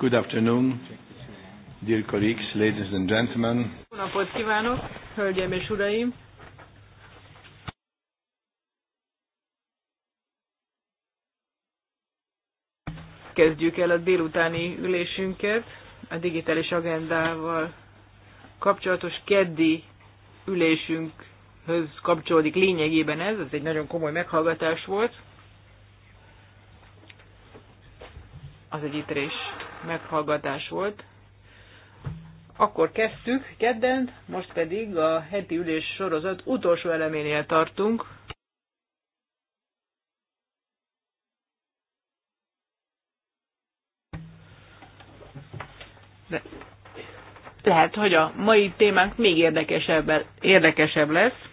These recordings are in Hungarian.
Good afternoon, dear colleagues, ladies and gentlemen. Jó napot kívánok, hölgyeim és uraim! Kezdjük el a délutáni ülésünket a digitális agendával kapcsolatos keddi ülésünkhöz kapcsolódik lényegében ez, ez egy nagyon komoly meghallgatás volt. az egy itrés meghallgatás volt. Akkor kezdtük kedden, most pedig a heti ülés sorozat utolsó eleménél tartunk. De lehet, hogy a mai témánk még érdekesebb, érdekesebb lesz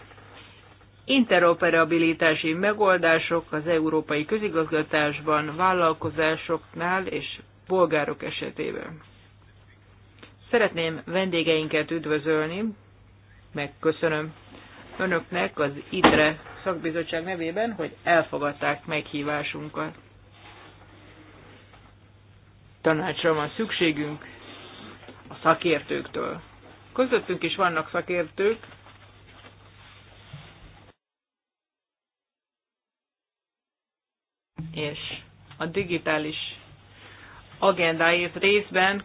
interoperabilitási megoldások az európai közigazgatásban, vállalkozásoknál és polgárok esetében. Szeretném vendégeinket üdvözölni, megköszönöm önöknek az ITRE szakbizottság nevében, hogy elfogadták meghívásunkat. Tanácsra van szükségünk a szakértőktől. Közöttünk is vannak szakértők, és a digitális agendáért részben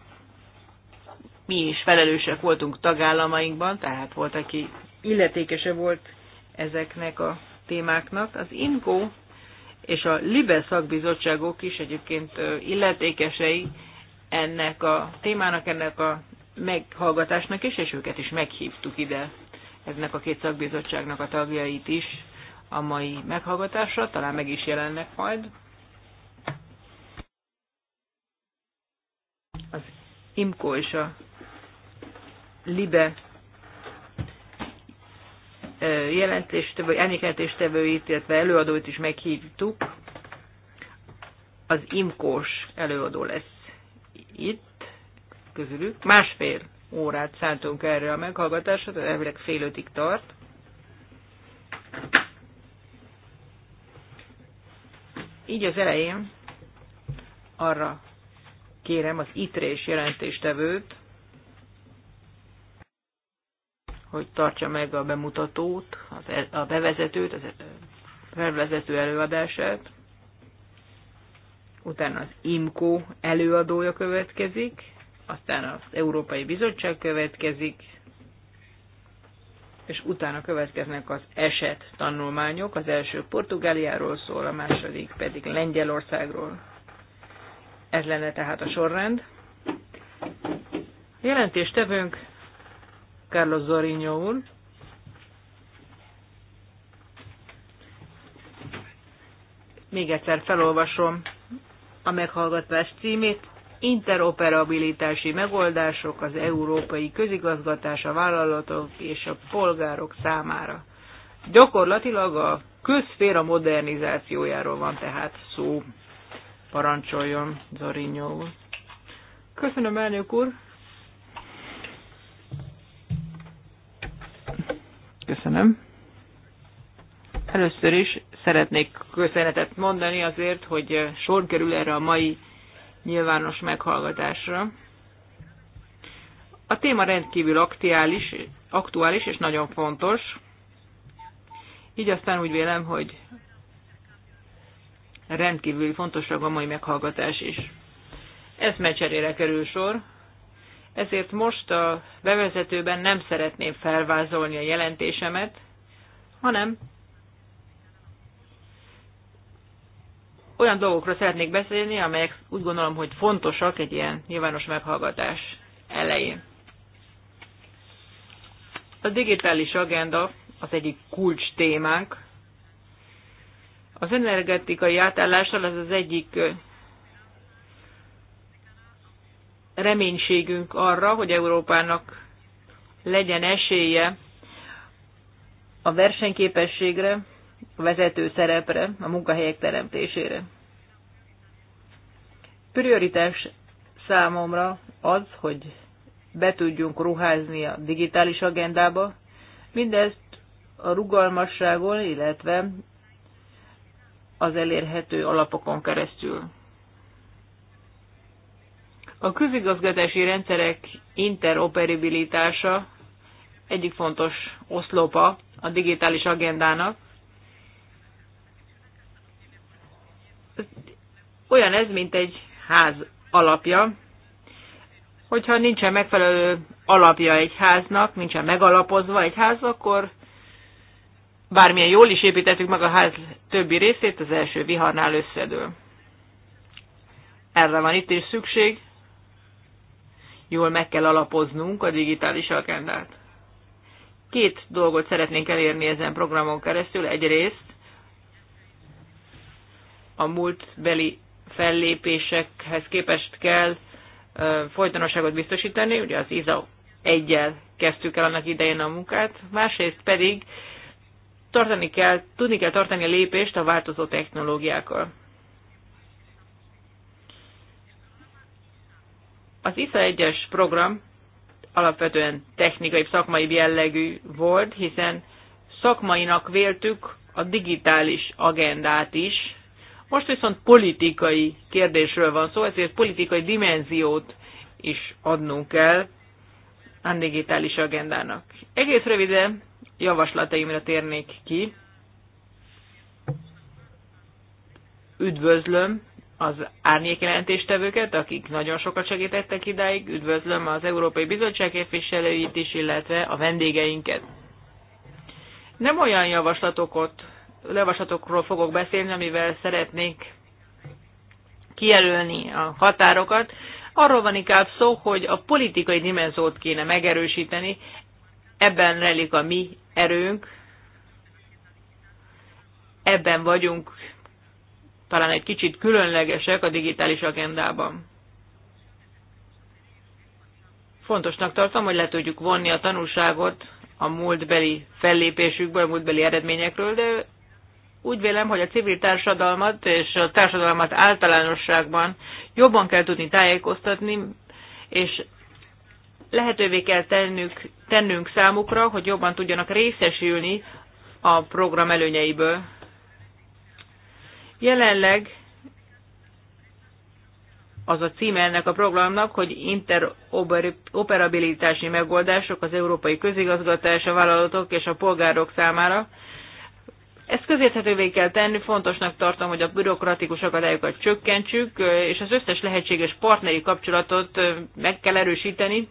mi is felelősek voltunk tagállamainkban, tehát volt, aki illetékese volt ezeknek a témáknak. Az INKO és a LIBE szakbizottságok is egyébként illetékesei ennek a témának, ennek a meghallgatásnak is, és őket is meghívtuk ide, ennek a két szakbizottságnak a tagjait is a mai meghallgatásra, talán meg is jelennek majd. Az IMKO és a LIBE jelentéstevő, emlékeltéstevőit, illetve előadóit is meghívtuk. Az imkós előadó lesz itt közülük. Másfél órát szántunk erre a meghallgatásra, tehát elvileg fél ötig tart. Így az elején arra kérem az ITRÉS jelentéstevőt, hogy tartsa meg a bemutatót, e- a bevezetőt, az felvezető előadását. Utána az IMCO előadója következik, aztán az Európai Bizottság következik, és utána következnek az eset tanulmányok, az első Portugáliáról szól, a második pedig Lengyelországról. Ez lenne tehát a sorrend. Jelentéstevőnk Carlos Zorinho úr. Még egyszer felolvasom a meghallgatás címét interoperabilitási megoldások az európai közigazgatás a vállalatok és a polgárok számára. Gyakorlatilag a közféra modernizációjáról van tehát szó. Parancsoljon Zorinyó. Köszönöm, elnök úr. Köszönöm. Először is szeretnék köszönetet mondani azért, hogy sor kerül erre a mai nyilvános meghallgatásra. A téma rendkívül aktuális, aktuális és nagyon fontos. Így aztán úgy vélem, hogy rendkívül fontos a mai meghallgatás is. Ez mecserére kerül sor, ezért most a bevezetőben nem szeretném felvázolni a jelentésemet, hanem olyan dolgokról szeretnék beszélni, amelyek úgy gondolom, hogy fontosak egy ilyen nyilvános meghallgatás elején. A digitális agenda az egyik kulcs témánk. Az energetikai átállással ez az egyik reménységünk arra, hogy Európának legyen esélye a versenyképességre, a vezető szerepre, a munkahelyek teremtésére. Prioritás számomra az, hogy be tudjunk ruházni a digitális agendába, mindezt a rugalmasságon, illetve az elérhető alapokon keresztül. A közigazgatási rendszerek interoperabilitása egyik fontos oszlopa a digitális agendának, Olyan ez, mint egy ház alapja. Hogyha nincsen megfelelő alapja egy háznak, nincsen megalapozva egy ház, akkor bármilyen jól is építettük meg a ház többi részét, az első viharnál összedől. Erre van itt is szükség. Jól meg kell alapoznunk a digitális agendát. Két dolgot szeretnénk elérni ezen programon keresztül. Egyrészt a múltbeli fellépésekhez képest kell folytonosságot biztosítani, ugye az ISA egyel kezdtük el annak idején a munkát, másrészt pedig tartani kell, tudni kell tartani a lépést a változó technológiákkal. Az ISA 1-es program alapvetően technikai, szakmai jellegű volt, hiszen szakmainak véltük a digitális agendát is, most viszont politikai kérdésről van szó, ezért politikai dimenziót is adnunk kell a digitális agendának. Egész röviden javaslataimra térnék ki. Üdvözlöm az jelentéstevőket, akik nagyon sokat segítettek idáig, üdvözlöm az Európai Bizottság képviselőit is, illetve a vendégeinket. Nem olyan javaslatokat levasatokról fogok beszélni, amivel szeretnék kijelölni a határokat. Arról van inkább szó, hogy a politikai dimenziót kéne megerősíteni, ebben relik a mi erőnk, ebben vagyunk talán egy kicsit különlegesek a digitális agendában. Fontosnak tartom, hogy le tudjuk vonni a tanulságot a múltbeli fellépésükből, a múltbeli eredményekről, de úgy vélem, hogy a civil társadalmat és a társadalmat általánosságban jobban kell tudni tájékoztatni, és lehetővé kell tennünk, tennünk számukra, hogy jobban tudjanak részesülni a program előnyeiből. Jelenleg az a címe ennek a programnak, hogy interoperabilitási megoldások az európai közigazgatás, a vállalatok és a polgárok számára, ezt közérthetővé kell tenni, fontosnak tartom, hogy a bürokratikus akadályokat csökkentsük, és az összes lehetséges partneri kapcsolatot meg kell erősíteni,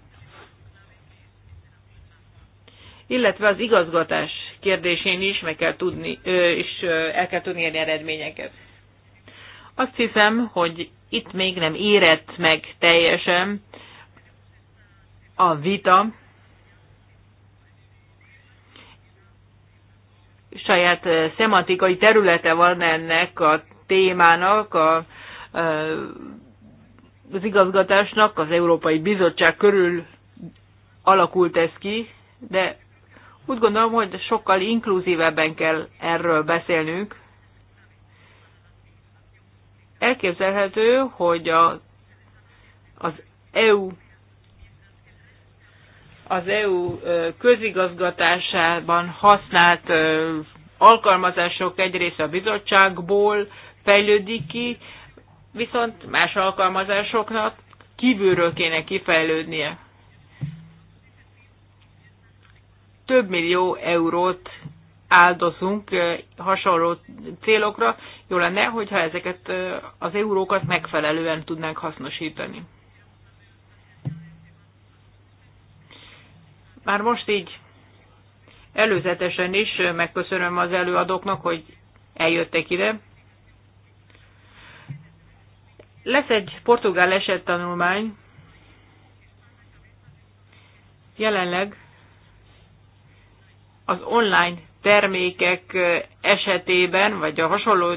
illetve az igazgatás kérdésén is meg kell tudni, és el kell tudni érni eredményeket. Azt hiszem, hogy itt még nem érett meg teljesen a vita, saját szematikai területe van ennek a témának, a, a, az igazgatásnak, az Európai Bizottság körül alakult ez ki, de úgy gondolom, hogy sokkal inkluzívebben kell erről beszélnünk. Elképzelhető, hogy a, az EU az EU közigazgatásában használt alkalmazások egy része a bizottságból fejlődik ki, viszont más alkalmazásoknak kívülről kéne kifejlődnie. Több millió eurót áldozunk hasonló célokra, jó lenne, hogyha ezeket az eurókat megfelelően tudnánk hasznosítani. Már most így Előzetesen is megköszönöm az előadóknak, hogy eljöttek ide. Lesz egy portugál esettanulmány. Jelenleg az online termékek esetében, vagy a hasonló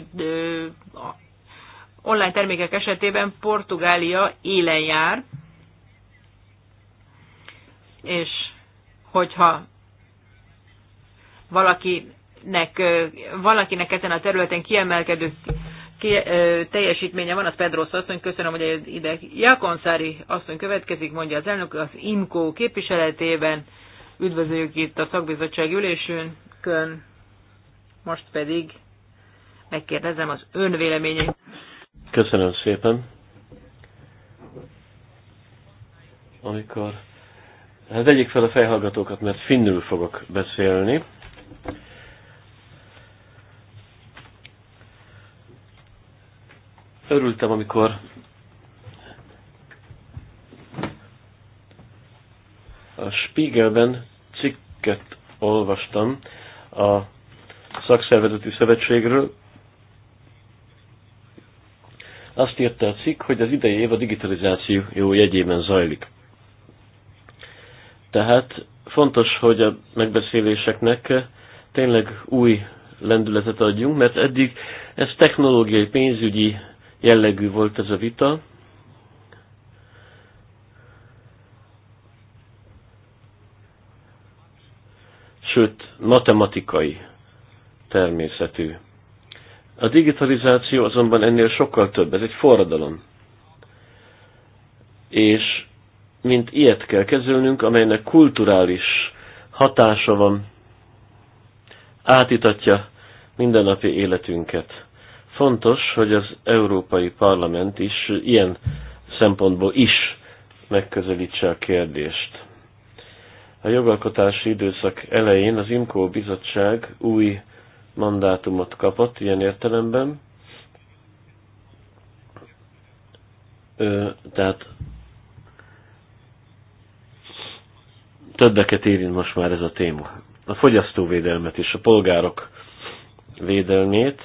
online termékek esetében Portugália élen jár, és hogyha valakinek, valakinek ezen a területen kiemelkedő ki, ö, teljesítménye van, az Pedrosz asszony, köszönöm, hogy ide Jakonszári asszony következik, mondja az elnök, az IMKO képviseletében. Üdvözöljük itt a szakbizottság ülésünkön. Kön. Most pedig megkérdezem az ön véleményét. Köszönöm szépen. Amikor... Hát vegyék fel a fejhallgatókat, mert finnül fogok beszélni. Örültem, amikor a Spiegelben cikket olvastam a szakszervezeti szövetségről. Azt írta a cikk, hogy az idei év a digitalizáció jó jegyében zajlik. Tehát fontos, hogy a megbeszéléseknek tényleg új lendületet adjunk, mert eddig ez technológiai, pénzügyi jellegű volt ez a vita. Sőt, matematikai természetű. A digitalizáció azonban ennél sokkal több, ez egy forradalom. És mint ilyet kell kezelnünk, amelynek kulturális hatása van átitatja mindennapi életünket. Fontos, hogy az Európai Parlament is ilyen szempontból is megközelítse a kérdést. A jogalkotási időszak elején az IMCO bizottság új mandátumot kapott ilyen értelemben, Ö, tehát többeket érint most már ez a téma a fogyasztóvédelmet és a polgárok védelmét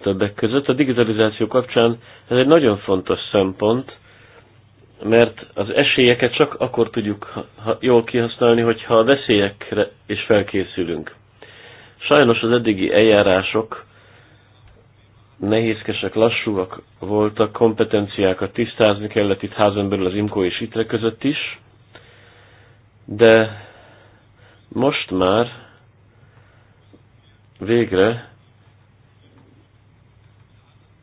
többek között. A digitalizáció kapcsán ez egy nagyon fontos szempont, mert az esélyeket csak akkor tudjuk jól kihasználni, hogyha a veszélyekre is felkészülünk. Sajnos az eddigi eljárások nehézkesek, lassúak voltak, kompetenciákat tisztázni kellett itt házon belül az IMKO és ITRE között is, de most már végre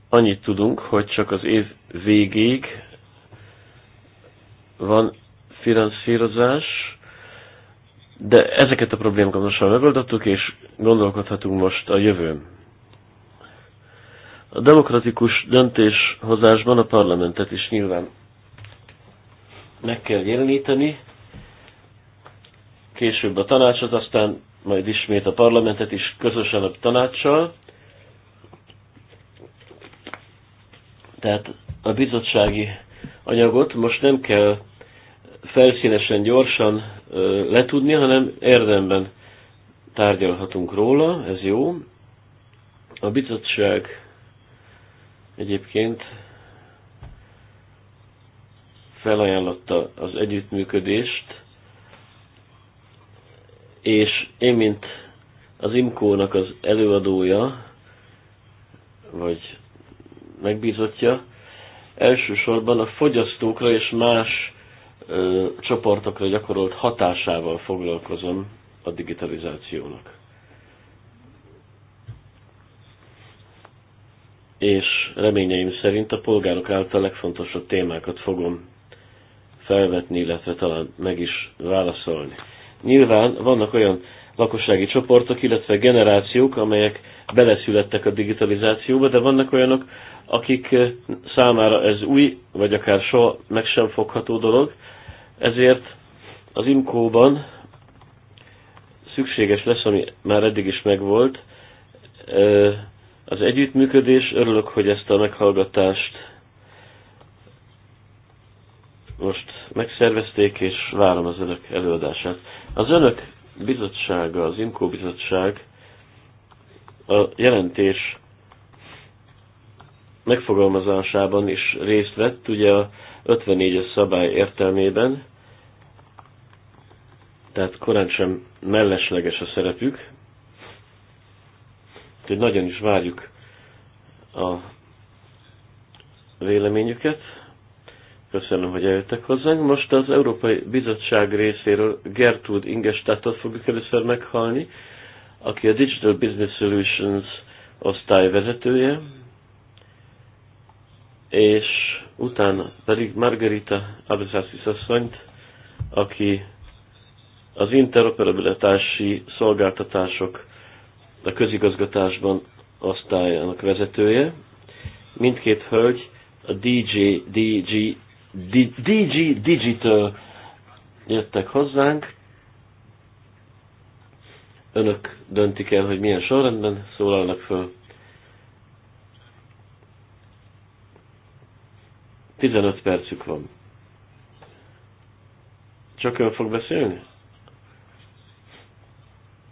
annyit tudunk, hogy csak az év végéig van finanszírozás, de ezeket a problémákat most már megoldottuk, és gondolkodhatunk most a jövőn. A demokratikus döntéshozásban a parlamentet is nyilván meg kell jeleníteni, később a tanácsot, aztán majd ismét a parlamentet is közösen a tanácssal. Tehát a bizottsági anyagot most nem kell felszínesen, gyorsan ö, letudni, hanem érdemben tárgyalhatunk róla, ez jó. A bizottság egyébként felajánlotta az együttműködést és én, mint az Imkónak az előadója, vagy megbízottja, elsősorban a fogyasztókra és más ö, csoportokra gyakorolt hatásával foglalkozom a digitalizációnak. És reményeim szerint a polgárok által legfontosabb témákat fogom felvetni, illetve talán meg is válaszolni. Nyilván vannak olyan lakossági csoportok, illetve generációk, amelyek beleszülettek a digitalizációba, de vannak olyanok, akik eh, számára ez új, vagy akár soha meg sem fogható dolog, ezért az imkóban szükséges lesz, ami már eddig is megvolt, eh, az együttműködés. Örülök, hogy ezt a meghallgatást most megszervezték, és várom az önök előadását. Az önök bizottsága, az Imkó bizottság a jelentés megfogalmazásában is részt vett, ugye a 54-es szabály értelmében, tehát korán sem mellesleges a szerepük, hogy nagyon is várjuk a véleményüket. Köszönöm, hogy eljöttek hozzánk. Most az Európai Bizottság részéről Gertrude Ingestadtot fogjuk először meghalni, aki a Digital Business Solutions osztály vezetője, és utána pedig Margarita Abezászisz asszonyt, aki az interoperabilitási szolgáltatások a közigazgatásban osztályának vezetője. Mindkét hölgy a DJ, DG DG Digital jöttek hozzánk. Önök döntik el, hogy milyen sorrendben szólalnak föl. 15 percük van. Csak ön fog beszélni?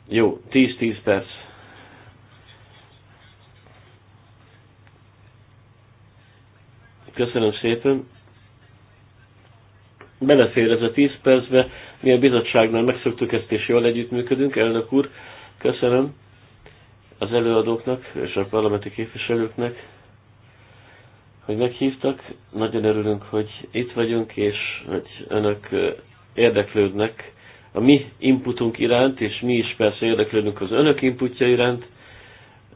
Jó, 10-10 perc. Köszönöm szépen belefér ez a 10 percbe. Mi a bizottságnál megszoktuk ezt, és jól együttműködünk. Elnök úr, köszönöm az előadóknak és a parlamenti képviselőknek, hogy meghívtak. Nagyon örülünk, hogy itt vagyunk, és hogy önök érdeklődnek a mi inputunk iránt, és mi is persze érdeklődünk az önök inputja iránt,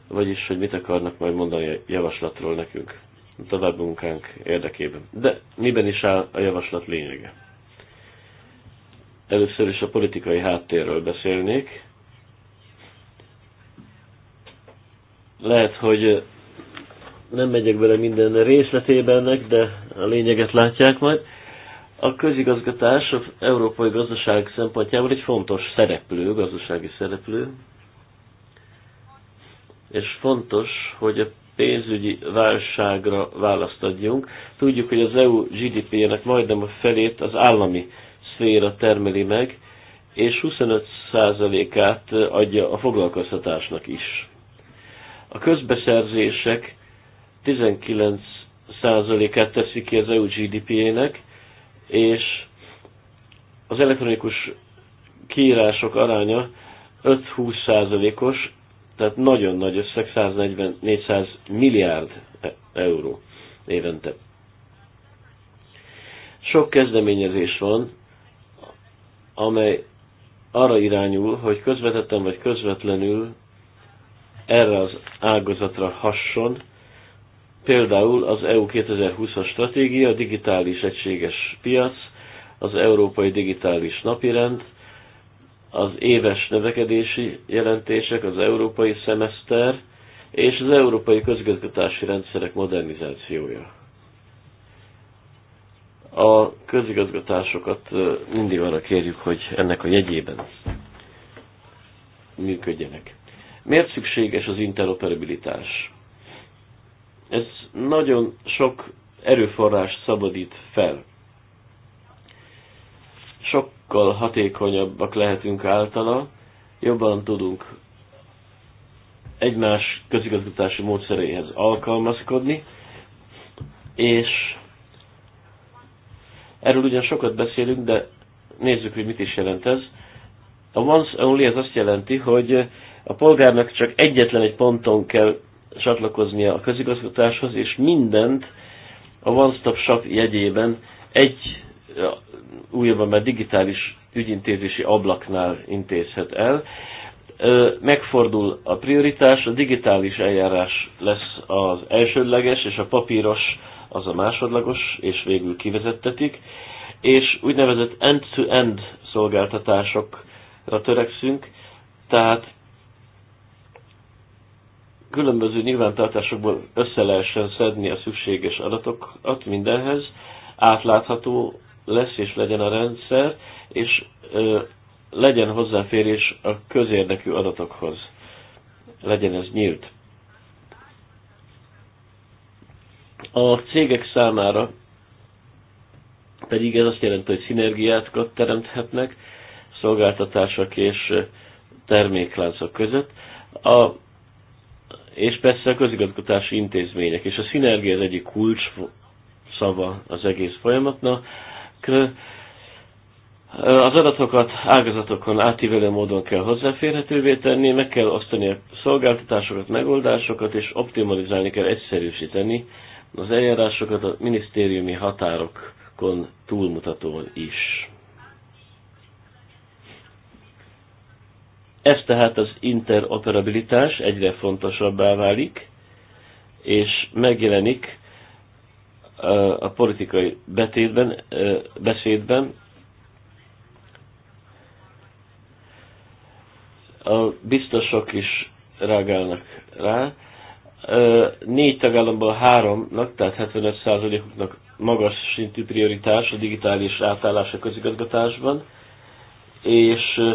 vagyis hogy mit akarnak majd mondani a javaslatról nekünk munkánk érdekében. De miben is áll a javaslat lényege? Először is a politikai háttérről beszélnék. Lehet, hogy nem megyek bele minden részletében, ennek, de a lényeget látják majd. A közigazgatás az európai gazdaság szempontjából egy fontos szereplő, gazdasági szereplő, és fontos, hogy a pénzügyi válságra választ adjunk. Tudjuk, hogy az EU GDP-jének majdnem a felét az állami szféra termeli meg, és 25%-át adja a foglalkoztatásnak is. A közbeszerzések 19%-át teszi ki az EU GDP-jének, és az elektronikus kiírások aránya 5-20%-os, tehát nagyon nagy összeg, 140-400 milliárd e- euró évente. Sok kezdeményezés van, amely arra irányul, hogy közvetetten vagy közvetlenül erre az ágazatra hasson, például az EU 2020-as stratégia, digitális egységes piac, az Európai Digitális Napirend, az éves növekedési jelentések, az európai szemeszter és az európai közigazgatási rendszerek modernizációja. A közigazgatásokat mindig arra kérjük, hogy ennek a jegyében működjenek. Miért szükséges az interoperabilitás? Ez nagyon sok erőforrást szabadít fel. Sok sokkal hatékonyabbak lehetünk általa, jobban tudunk egymás közigazgatási módszeréhez alkalmazkodni, és erről ugyan sokat beszélünk, de nézzük, hogy mit is jelent ez. A once only ez azt jelenti, hogy a polgárnak csak egyetlen egy ponton kell csatlakoznia a közigazgatáshoz, és mindent a One Stop Shop jegyében egy újabban már digitális ügyintézési ablaknál intézhet el. Megfordul a prioritás, a digitális eljárás lesz az elsődleges, és a papíros az a másodlagos, és végül kivezettetik, és úgynevezett end-to-end -end szolgáltatásokra törekszünk, tehát különböző nyilvántartásokból össze lehessen szedni a szükséges adatokat mindenhez, átlátható lesz és legyen a rendszer, és legyen hozzáférés a közérdekű adatokhoz. Legyen ez nyílt. A cégek számára pedig ez azt jelenti, hogy szinergiákat teremthetnek szolgáltatások és termékláncok között. A, és persze a közigazgatási intézmények, és a szinergia az egyik kulcs szava az egész folyamatnak az adatokat ágazatokon átívelő módon kell hozzáférhetővé tenni, meg kell osztani a szolgáltatásokat, megoldásokat, és optimalizálni kell, egyszerűsíteni az eljárásokat a minisztériumi határokon túlmutatóan is. Ez tehát az interoperabilitás egyre fontosabbá válik, és megjelenik a politikai betétben, beszédben. A biztosok is reagálnak rá. Négy tagállamból háromnak, tehát 75%-uknak magas szintű prioritás a digitális átállás a közigazgatásban, és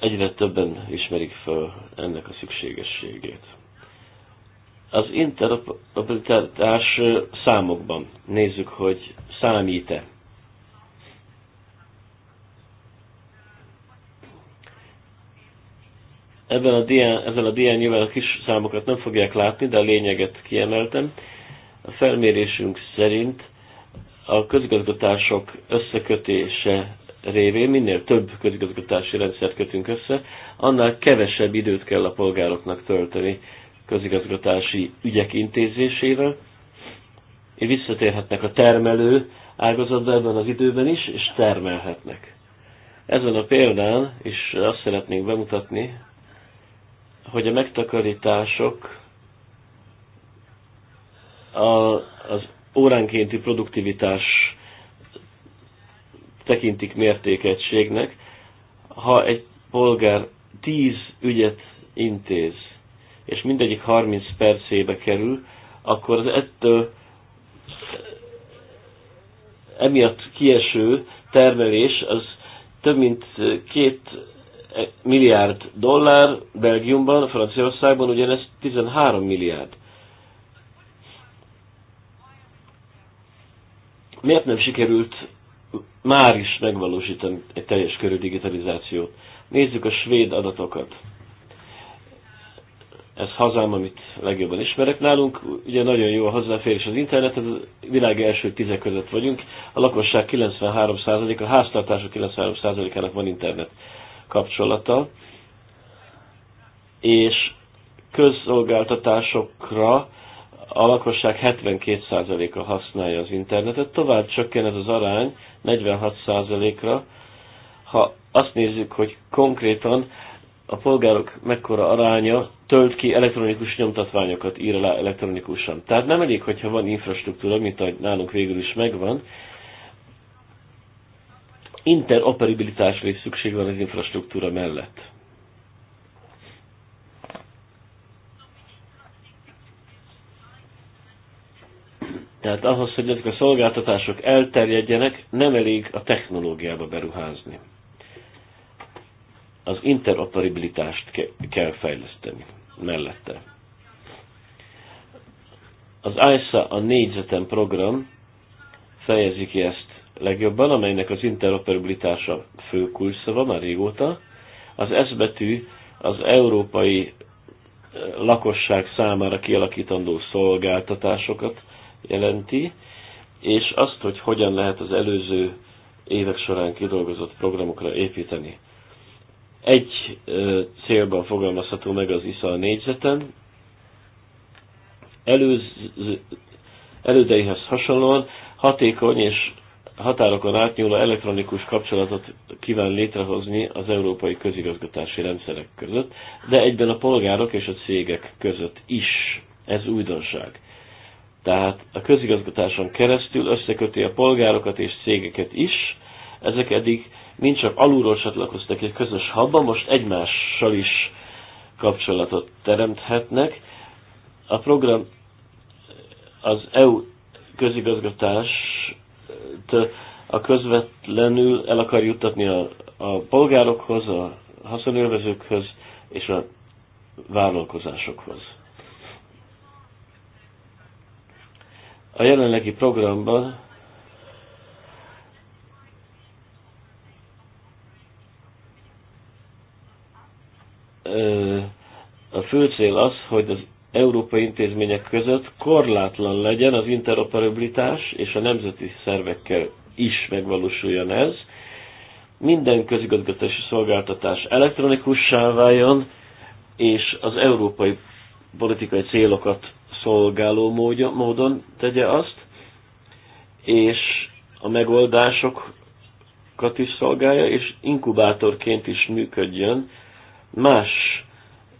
egyre többen ismerik fel ennek a szükségességét. Az interoperabilitás számokban nézzük, hogy számít-e. Ebben a dián, ezzel a dián nyilván a kis számokat nem fogják látni, de a lényeget kiemeltem. A felmérésünk szerint a közigazgatások összekötése révén minél több közigazgatási rendszert kötünk össze, annál kevesebb időt kell a polgároknak tölteni közigazgatási ügyek intézésével, és visszatérhetnek a termelő ágazatba ebben az időben is, és termelhetnek. Ezen a példán is azt szeretnénk bemutatni, hogy a megtakarítások a, az óránkénti produktivitás tekintik mértékegységnek, ha egy polgár tíz ügyet intéz, és mindegyik 30 percébe kerül, akkor az ettől emiatt kieső termelés az több mint két milliárd dollár, Belgiumban, Franciaországban ugyanez 13 milliárd. Miért nem sikerült már is megvalósítani egy teljes körű digitalizációt? Nézzük a svéd adatokat ez hazám, amit legjobban ismerek nálunk. Ugye nagyon jó a hozzáférés az internet, a világ első tízek között vagyunk. A lakosság 93%-a, a háztartások 93%-ának van internet kapcsolata. És közszolgáltatásokra a lakosság 72%-a használja az internetet, tovább csökken ez az arány 46%-ra. Ha azt nézzük, hogy konkrétan a polgárok mekkora aránya tölt ki elektronikus nyomtatványokat, ír alá elektronikusan. Tehát nem elég, hogyha van infrastruktúra, mint ahogy nálunk végül is megvan, interoperabilitásra is szükség van az infrastruktúra mellett. Tehát ahhoz, hogy ezek a szolgáltatások elterjedjenek, nem elég a technológiába beruházni az interoperabilitást ke kell fejleszteni mellette. Az ISA a négyzeten program fejezi ki ezt legjobban, amelynek az interoperabilitása fő kulcsszava már régóta. Az S betű az európai lakosság számára kialakítandó szolgáltatásokat jelenti, és azt, hogy hogyan lehet az előző évek során kidolgozott programokra építeni. Egy célban fogalmazható meg az ISA a négyzeten. elődeihez hasonlóan hatékony és határokon átnyúló elektronikus kapcsolatot kíván létrehozni az európai közigazgatási rendszerek között, de egyben a polgárok és a cégek között is. Ez újdonság. Tehát a közigazgatáson keresztül összeköti a polgárokat és cégeket is, ezek eddig mind csak alulról csatlakoztak egy közös habba, most egymással is kapcsolatot teremthetnek. A program az EU közigazgatást a közvetlenül el akar juttatni a, a polgárokhoz, a haszonélvezőkhöz és a vállalkozásokhoz. A jelenlegi programban a fő cél az, hogy az európai intézmények között korlátlan legyen az interoperabilitás, és a nemzeti szervekkel is megvalósuljon ez. Minden közigazgatási szolgáltatás elektronikussá váljon, és az európai politikai célokat szolgáló módon tegye azt, és a megoldásokat is szolgálja, és inkubátorként is működjön más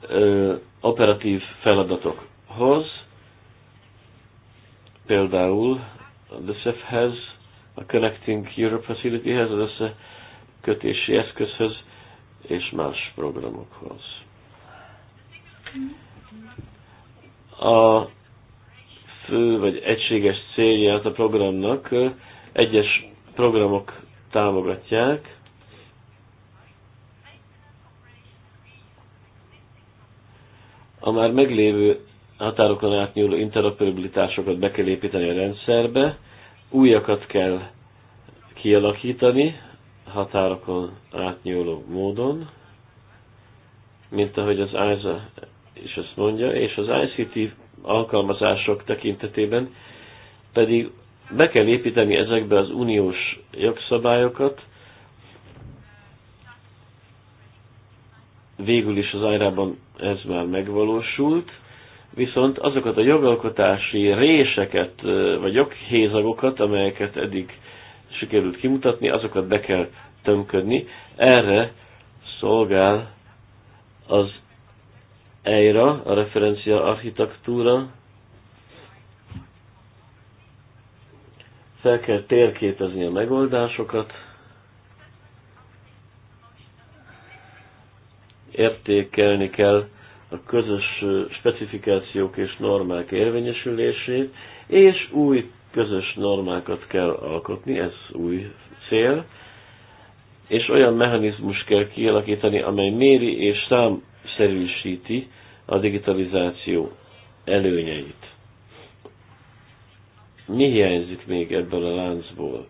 ö, operatív feladatokhoz, például a dsf hez a Connecting Europe Facility-hez, az összekötési eszközhöz és más programokhoz. A fő vagy egységes célját a programnak egyes programok támogatják, A már meglévő határokon átnyúló interoperabilitásokat be kell építeni a rendszerbe, újakat kell kialakítani határokon átnyúló módon, mint ahogy az ISA is ezt mondja, és az ICT alkalmazások tekintetében pedig be kell építeni ezekbe az uniós jogszabályokat, végül is az ajrában ez már megvalósult, viszont azokat a jogalkotási réseket, vagy joghézagokat, amelyeket eddig sikerült kimutatni, azokat be kell tömködni. Erre szolgál az EIRA, a referencia architektúra. Fel kell térképezni a megoldásokat, értékelni kell a közös specifikációk és normák érvényesülését, és új közös normákat kell alkotni, ez új cél, és olyan mechanizmus kell kialakítani, amely méri és számszerűsíti a digitalizáció előnyeit. Mi hiányzik még ebből a láncból?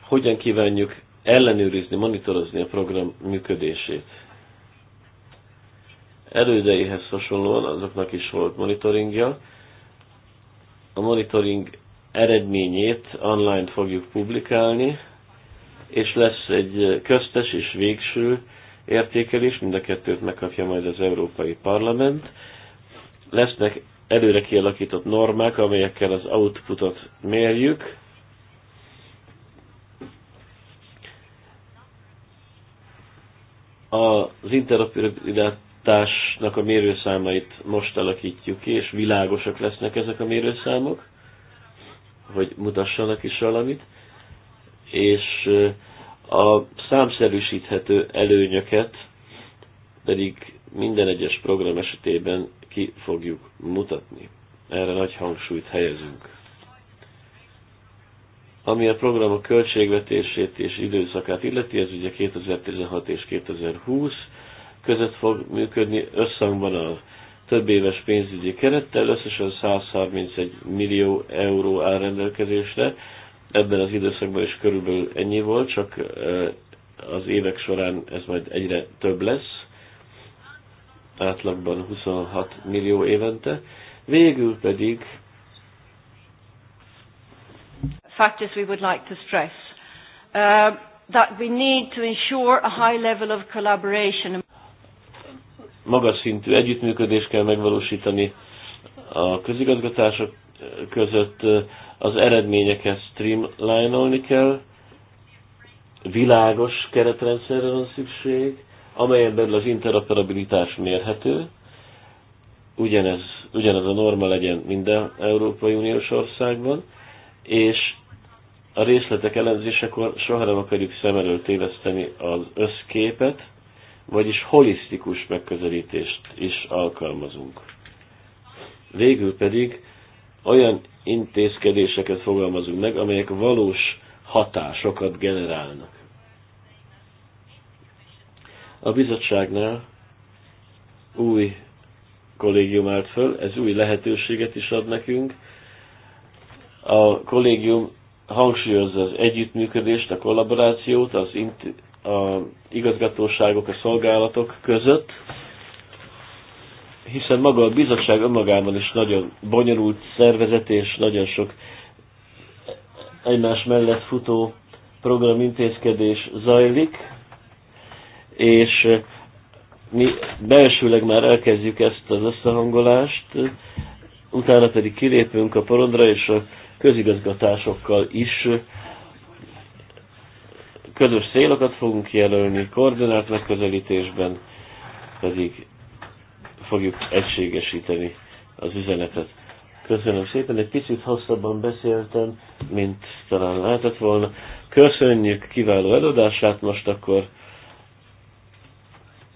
Hogyan kívánjuk ellenőrizni, monitorozni a program működését. Elődeihez hasonlóan azoknak is volt monitoringja. A monitoring eredményét online fogjuk publikálni, és lesz egy köztes és végső értékelés, mind a kettőt megkapja majd az Európai Parlament. Lesznek előre kialakított normák, amelyekkel az outputot mérjük, az interoperabilitásnak a mérőszámait most alakítjuk ki, és világosak lesznek ezek a mérőszámok, hogy mutassanak is valamit, és a számszerűsíthető előnyöket pedig minden egyes program esetében ki fogjuk mutatni. Erre nagy hangsúlyt helyezünk. Ami a programok költségvetését és időszakát illeti, ez ugye 2016 és 2020 között fog működni összhangban a több éves pénzügyi kerettel, összesen 131 millió euró áll rendelkezésre. Ebben az időszakban is körülbelül ennyi volt, csak az évek során ez majd egyre több lesz, átlagban 26 millió évente. Végül pedig factors we would like to stress. Uh, that we need to ensure a high level of collaboration. Magas szintű együttműködést kell megvalósítani a közigazgatások között, az eredményeket streamline-olni kell, világos keretrendszerre van szükség, amelyen belül az interoperabilitás mérhető, ugyanez, ugyanez a norma legyen minden Európai Uniós országban, és a részletek elemzésekor soha nem akarjuk szem elől téveszteni az összképet, vagyis holisztikus megközelítést is alkalmazunk. Végül pedig olyan intézkedéseket fogalmazunk meg, amelyek valós hatásokat generálnak. A bizottságnál új kollégium állt föl, ez új lehetőséget is ad nekünk. A kollégium hangsúlyozza az együttműködést, a kollaborációt az int- a igazgatóságok, a szolgálatok között, hiszen maga a bizottság önmagában is nagyon bonyolult szervezet és nagyon sok egymás mellett futó programintézkedés zajlik, és mi belsőleg már elkezdjük ezt az összehangolást, utána pedig kilépünk a porondra, és a közigazgatásokkal is közös célokat fogunk jelölni, koordinált megközelítésben pedig fogjuk egységesíteni az üzenetet. Köszönöm szépen, egy picit hosszabban beszéltem, mint talán lehetett volna. Köszönjük kiváló előadását, most akkor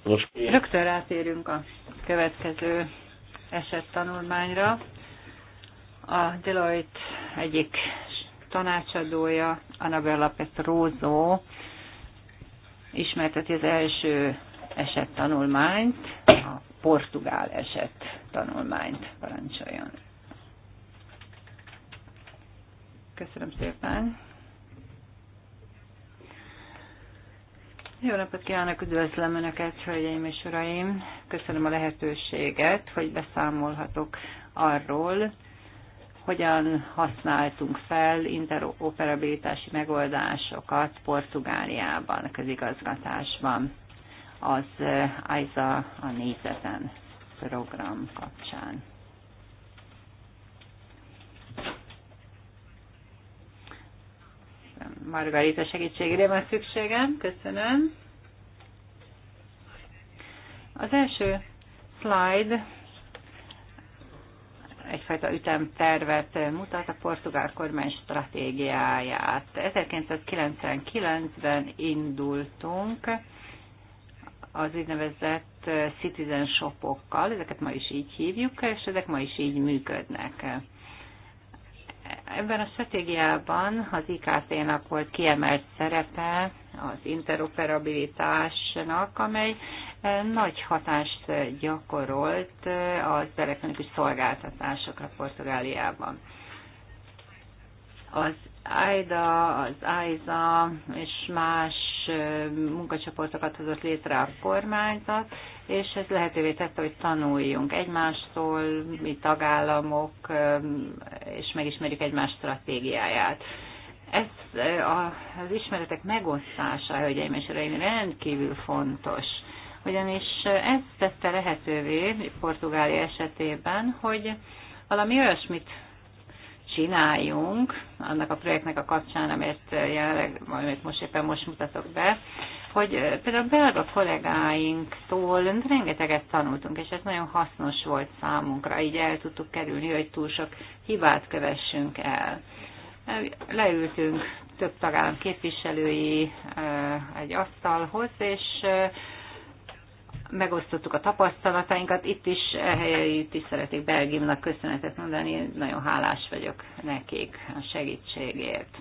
most... Rögtön rátérünk a következő esettanulmányra, a Deloitte egyik tanácsadója, Anabella Petrózó ismerteti az első eset tanulmányt, a portugál eset tanulmányt parancsoljon. Köszönöm szépen. Jó napot kívánok, üdvözlöm Önöket, hölgyeim és uraim. Köszönöm a lehetőséget, hogy beszámolhatok arról, hogyan használtunk fel interoperabilitási megoldásokat Portugáliában, a közigazgatásban, az AISA a négyzeten program kapcsán. Margarita segítségére van szükségem, köszönöm. Az első slide egyfajta ütemtervet mutat a portugál kormány stratégiáját. 1999-ben indultunk az úgynevezett citizen shopokkal, ezeket ma is így hívjuk, és ezek ma is így működnek. Ebben a stratégiában az IKT-nak volt kiemelt szerepe az interoperabilitásnak, amely nagy hatást gyakorolt az elektronikus szolgáltatásokra Portugáliában. Az AIDA, az AISA és más munkacsoportokat hozott létre a kormányzat, és ez lehetővé tette, hogy tanuljunk egymástól, mi tagállamok, és megismerjük egymás stratégiáját. Ez az ismeretek megosztása, hölgyeim és uraim, rendkívül fontos ugyanis ez tette lehetővé Portugália esetében, hogy valami olyasmit csináljunk annak a projektnek a kapcsán, amit jelenleg, amit most éppen most mutatok be, hogy például a belga kollégáinktól rengeteget tanultunk, és ez nagyon hasznos volt számunkra, így el tudtuk kerülni, hogy túl sok hibát kövessünk el. Leültünk több tagállam képviselői egy asztalhoz, és megosztottuk a tapasztalatainkat, itt is, e, itt is szeretnék Belgiumnak köszönetet mondani, nagyon hálás vagyok nekik a segítségért.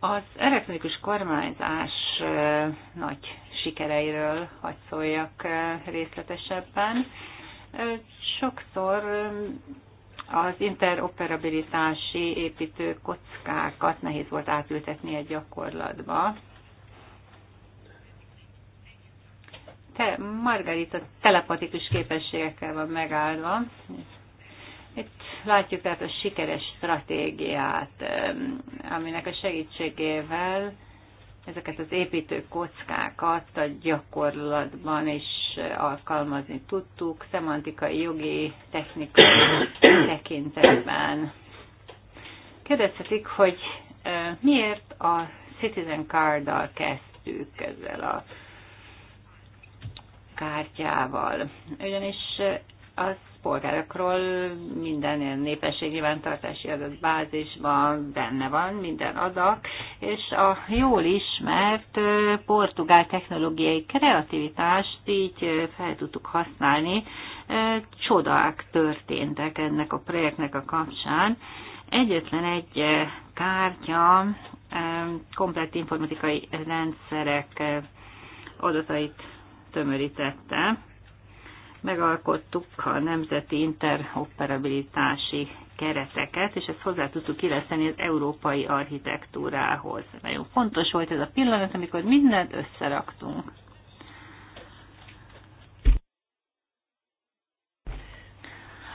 Az elektronikus kormányzás e, nagy sikereiről hagy szóljak e, részletesebben. Sokszor az interoperabilitási építő kockákat nehéz volt átültetni egy gyakorlatba, te, Margarita telepatikus képességekkel van megáldva. Itt látjuk tehát a sikeres stratégiát, aminek a segítségével ezeket az építő kockákat a gyakorlatban is alkalmazni tudtuk, szemantikai, jogi, technikai tekintetben. Kérdezhetik, hogy miért a Citizen Card-dal kezdtük ezzel a kártyával. Ugyanis az polgárokról minden ilyen népességnyilvántartási bázisban benne van minden adat, és a jól ismert portugál technológiai kreativitást így fel tudtuk használni. Csodák történtek ennek a projektnek a kapcsán. Egyetlen egy kártya komplett informatikai rendszerek adatait tömörítette. Megalkottuk a nemzeti interoperabilitási kereteket, és ezt hozzá tudtuk illeszteni az európai architektúrához. Nagyon fontos volt ez a pillanat, amikor mindent összeraktunk.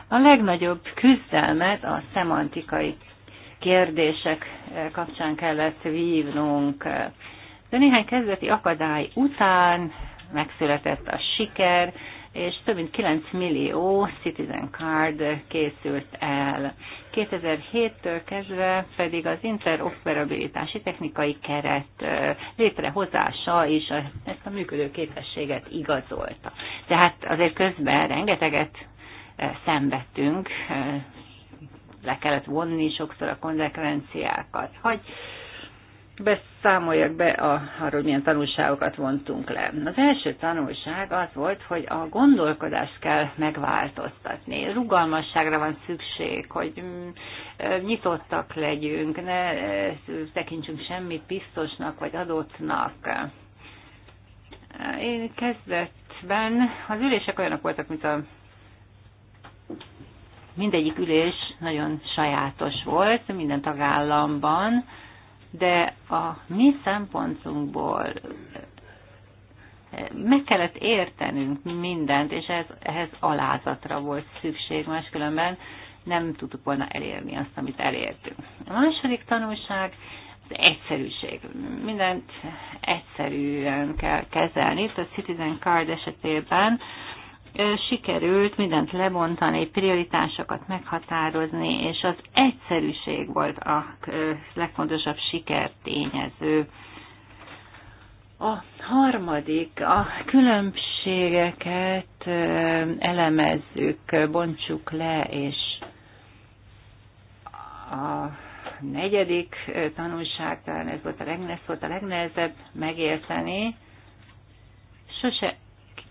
A legnagyobb küzdelmet a szemantikai kérdések kapcsán kellett vívnunk. De néhány kezdeti akadály után megszületett a siker, és több mint 9 millió Citizen Card készült el. 2007-től kezdve pedig az interoperabilitási technikai keret létrehozása is ezt a működő képességet igazolta. Tehát azért közben rengeteget szenvedtünk, le kellett vonni sokszor a konzekvenciákat. Hogy beszámoljak be a, arról, milyen tanulságokat vontunk le. Az első tanulság az volt, hogy a gondolkodást kell megváltoztatni. Rugalmasságra van szükség, hogy mm, nyitottak legyünk, ne tekintsünk semmit biztosnak vagy adottnak. Én kezdetben az ülések olyanok voltak, mint a mindegyik ülés nagyon sajátos volt minden tagállamban, de a mi szempontunkból eh, meg kellett értenünk mindent, és ez, ehhez alázatra volt szükség, máskülönben nem tudtuk volna elérni azt, amit elértünk. A második tanulság az egyszerűség. Mindent egyszerűen kell kezelni. Itt a Citizen Card esetében sikerült mindent lebontani, prioritásokat meghatározni, és az egyszerűség volt a legfontosabb sikertényező. A harmadik, a különbségeket elemezzük, bontsuk le, és a negyedik tanulság, talán ez volt a, legnehezebb, volt a legnehezebb megérteni, sose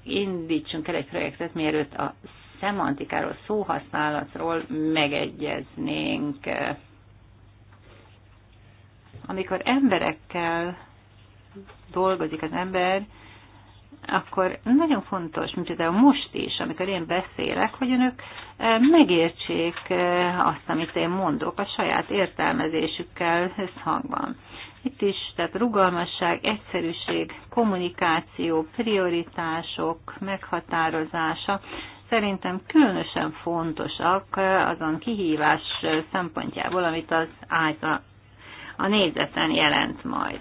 indítsunk el egy projektet, mielőtt a szemantikáról, szóhasználatról megegyeznénk. Amikor emberekkel dolgozik az ember, akkor nagyon fontos, mint például most is, amikor én beszélek, hogy önök eh, megértsék eh, azt, amit én mondok, a saját értelmezésükkel összhangban. Itt is, tehát rugalmasság, egyszerűség, kommunikáció, prioritások, meghatározása szerintem különösen fontosak azon kihívás szempontjából, amit az által a négyzeten jelent majd.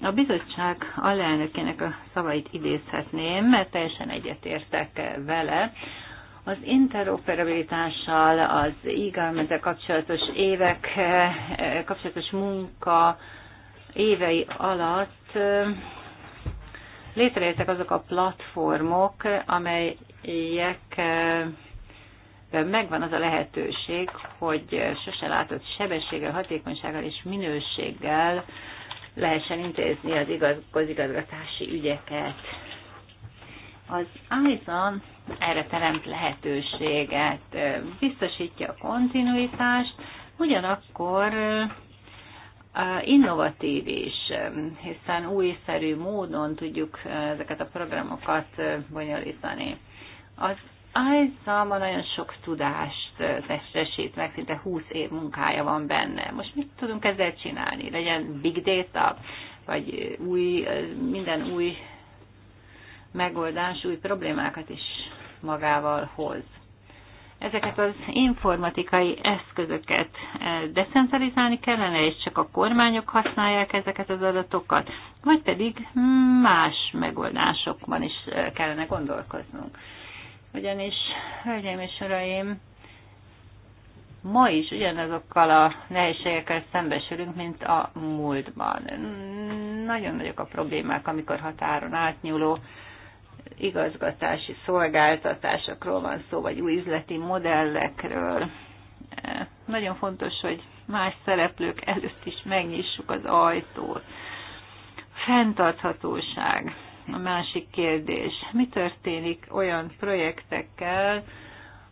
A bizottság alelnökének a szavait idézhetném, mert teljesen egyetértek vele az interoperabilitással, az e kapcsolatos évek, eh, kapcsolatos munka évei alatt eh, létrejöttek azok a platformok, amelyek eh, megvan az a lehetőség, hogy sose látott sebességgel, hatékonysággal és minőséggel lehessen intézni az igaz, igazgatási ügyeket. Az ISAN erre teremt lehetőséget, biztosítja a kontinuitást, ugyanakkor innovatív is, hiszen újszerű módon tudjuk ezeket a programokat bonyolítani. Az isa ma nagyon sok tudást testesít meg, szinte 20 év munkája van benne. Most mit tudunk ezzel csinálni? Legyen big data, vagy új, minden új megoldás új problémákat is magával hoz. Ezeket az informatikai eszközöket eh, decentralizálni kellene, és csak a kormányok használják ezeket az adatokat, vagy pedig más megoldásokban is eh, kellene gondolkoznunk. Ugyanis, hölgyeim és uraim, ma is ugyanazokkal a nehézségekkel szembesülünk, mint a múltban. Nagyon nagyok a problémák, amikor határon átnyúló igazgatási szolgáltatásokról van szó, vagy új üzleti modellekről. Nagyon fontos, hogy más szereplők előtt is megnyissuk az ajtót. Fenntarthatóság a másik kérdés. Mi történik olyan projektekkel,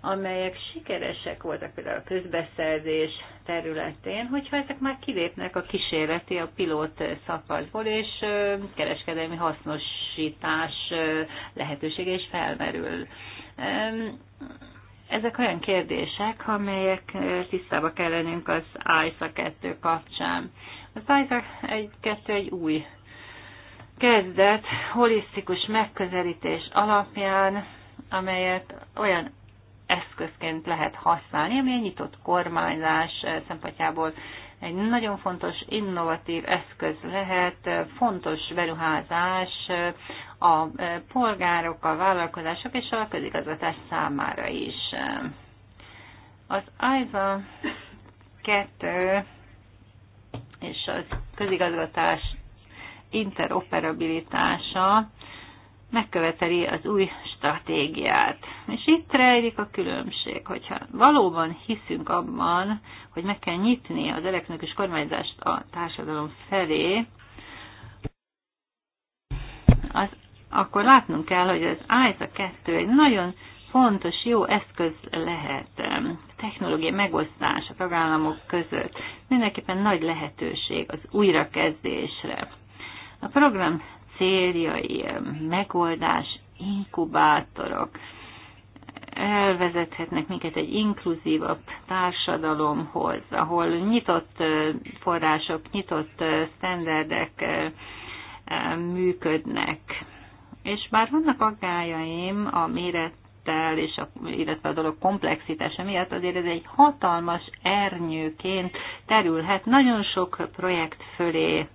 amelyek sikeresek voltak például a közbeszerzés területén, hogyha ezek már kilépnek a kísérleti, a pilót szakaszból, és kereskedelmi hasznosítás lehetősége is felmerül. Ezek olyan kérdések, amelyek tisztába kell lennünk az ISA 2 kapcsán. Az ISA 2 egy új kezdet, holisztikus megközelítés alapján, amelyet olyan eszközként lehet használni, ami a nyitott kormányzás eh, szempontjából egy nagyon fontos, innovatív eszköz lehet, eh, fontos beruházás eh, a polgárok, a vállalkozások és a közigazgatás számára is. Az AIVA 2 és a közigazgatás interoperabilitása megköveteli az új stratégiát. És itt rejlik a különbség, hogyha valóban hiszünk abban, hogy meg kell nyitni az elektronikus kormányzást a társadalom felé, az, akkor látnunk kell, hogy az ISA 2 egy nagyon fontos, jó eszköz lehet technológiai megosztás a tagállamok között. Mindenképpen nagy lehetőség az újrakezdésre. A program céljai, megoldás, inkubátorok elvezethetnek minket egy inkluzívabb társadalomhoz, ahol nyitott források, nyitott sztenderdek működnek. És bár vannak aggájaim a mérettel, és a, illetve a dolog komplexitása miatt, azért ez egy hatalmas ernyőként terülhet nagyon sok projekt fölé,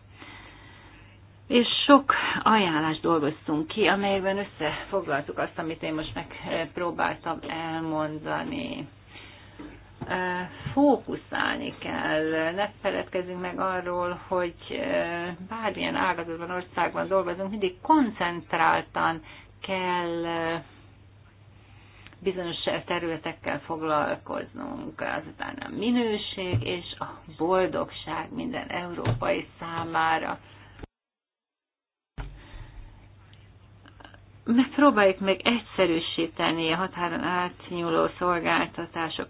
és sok ajánlást dolgoztunk ki, amelyben összefoglaltuk azt, amit én most megpróbáltam elmondani. Fókuszálni kell, ne feledkezzünk meg arról, hogy bármilyen ágazatban, országban dolgozunk, mindig koncentráltan kell bizonyos területekkel foglalkoznunk, azután a minőség és a boldogság minden európai számára megpróbáljuk meg egyszerűsíteni a határon átnyúló szolgáltatások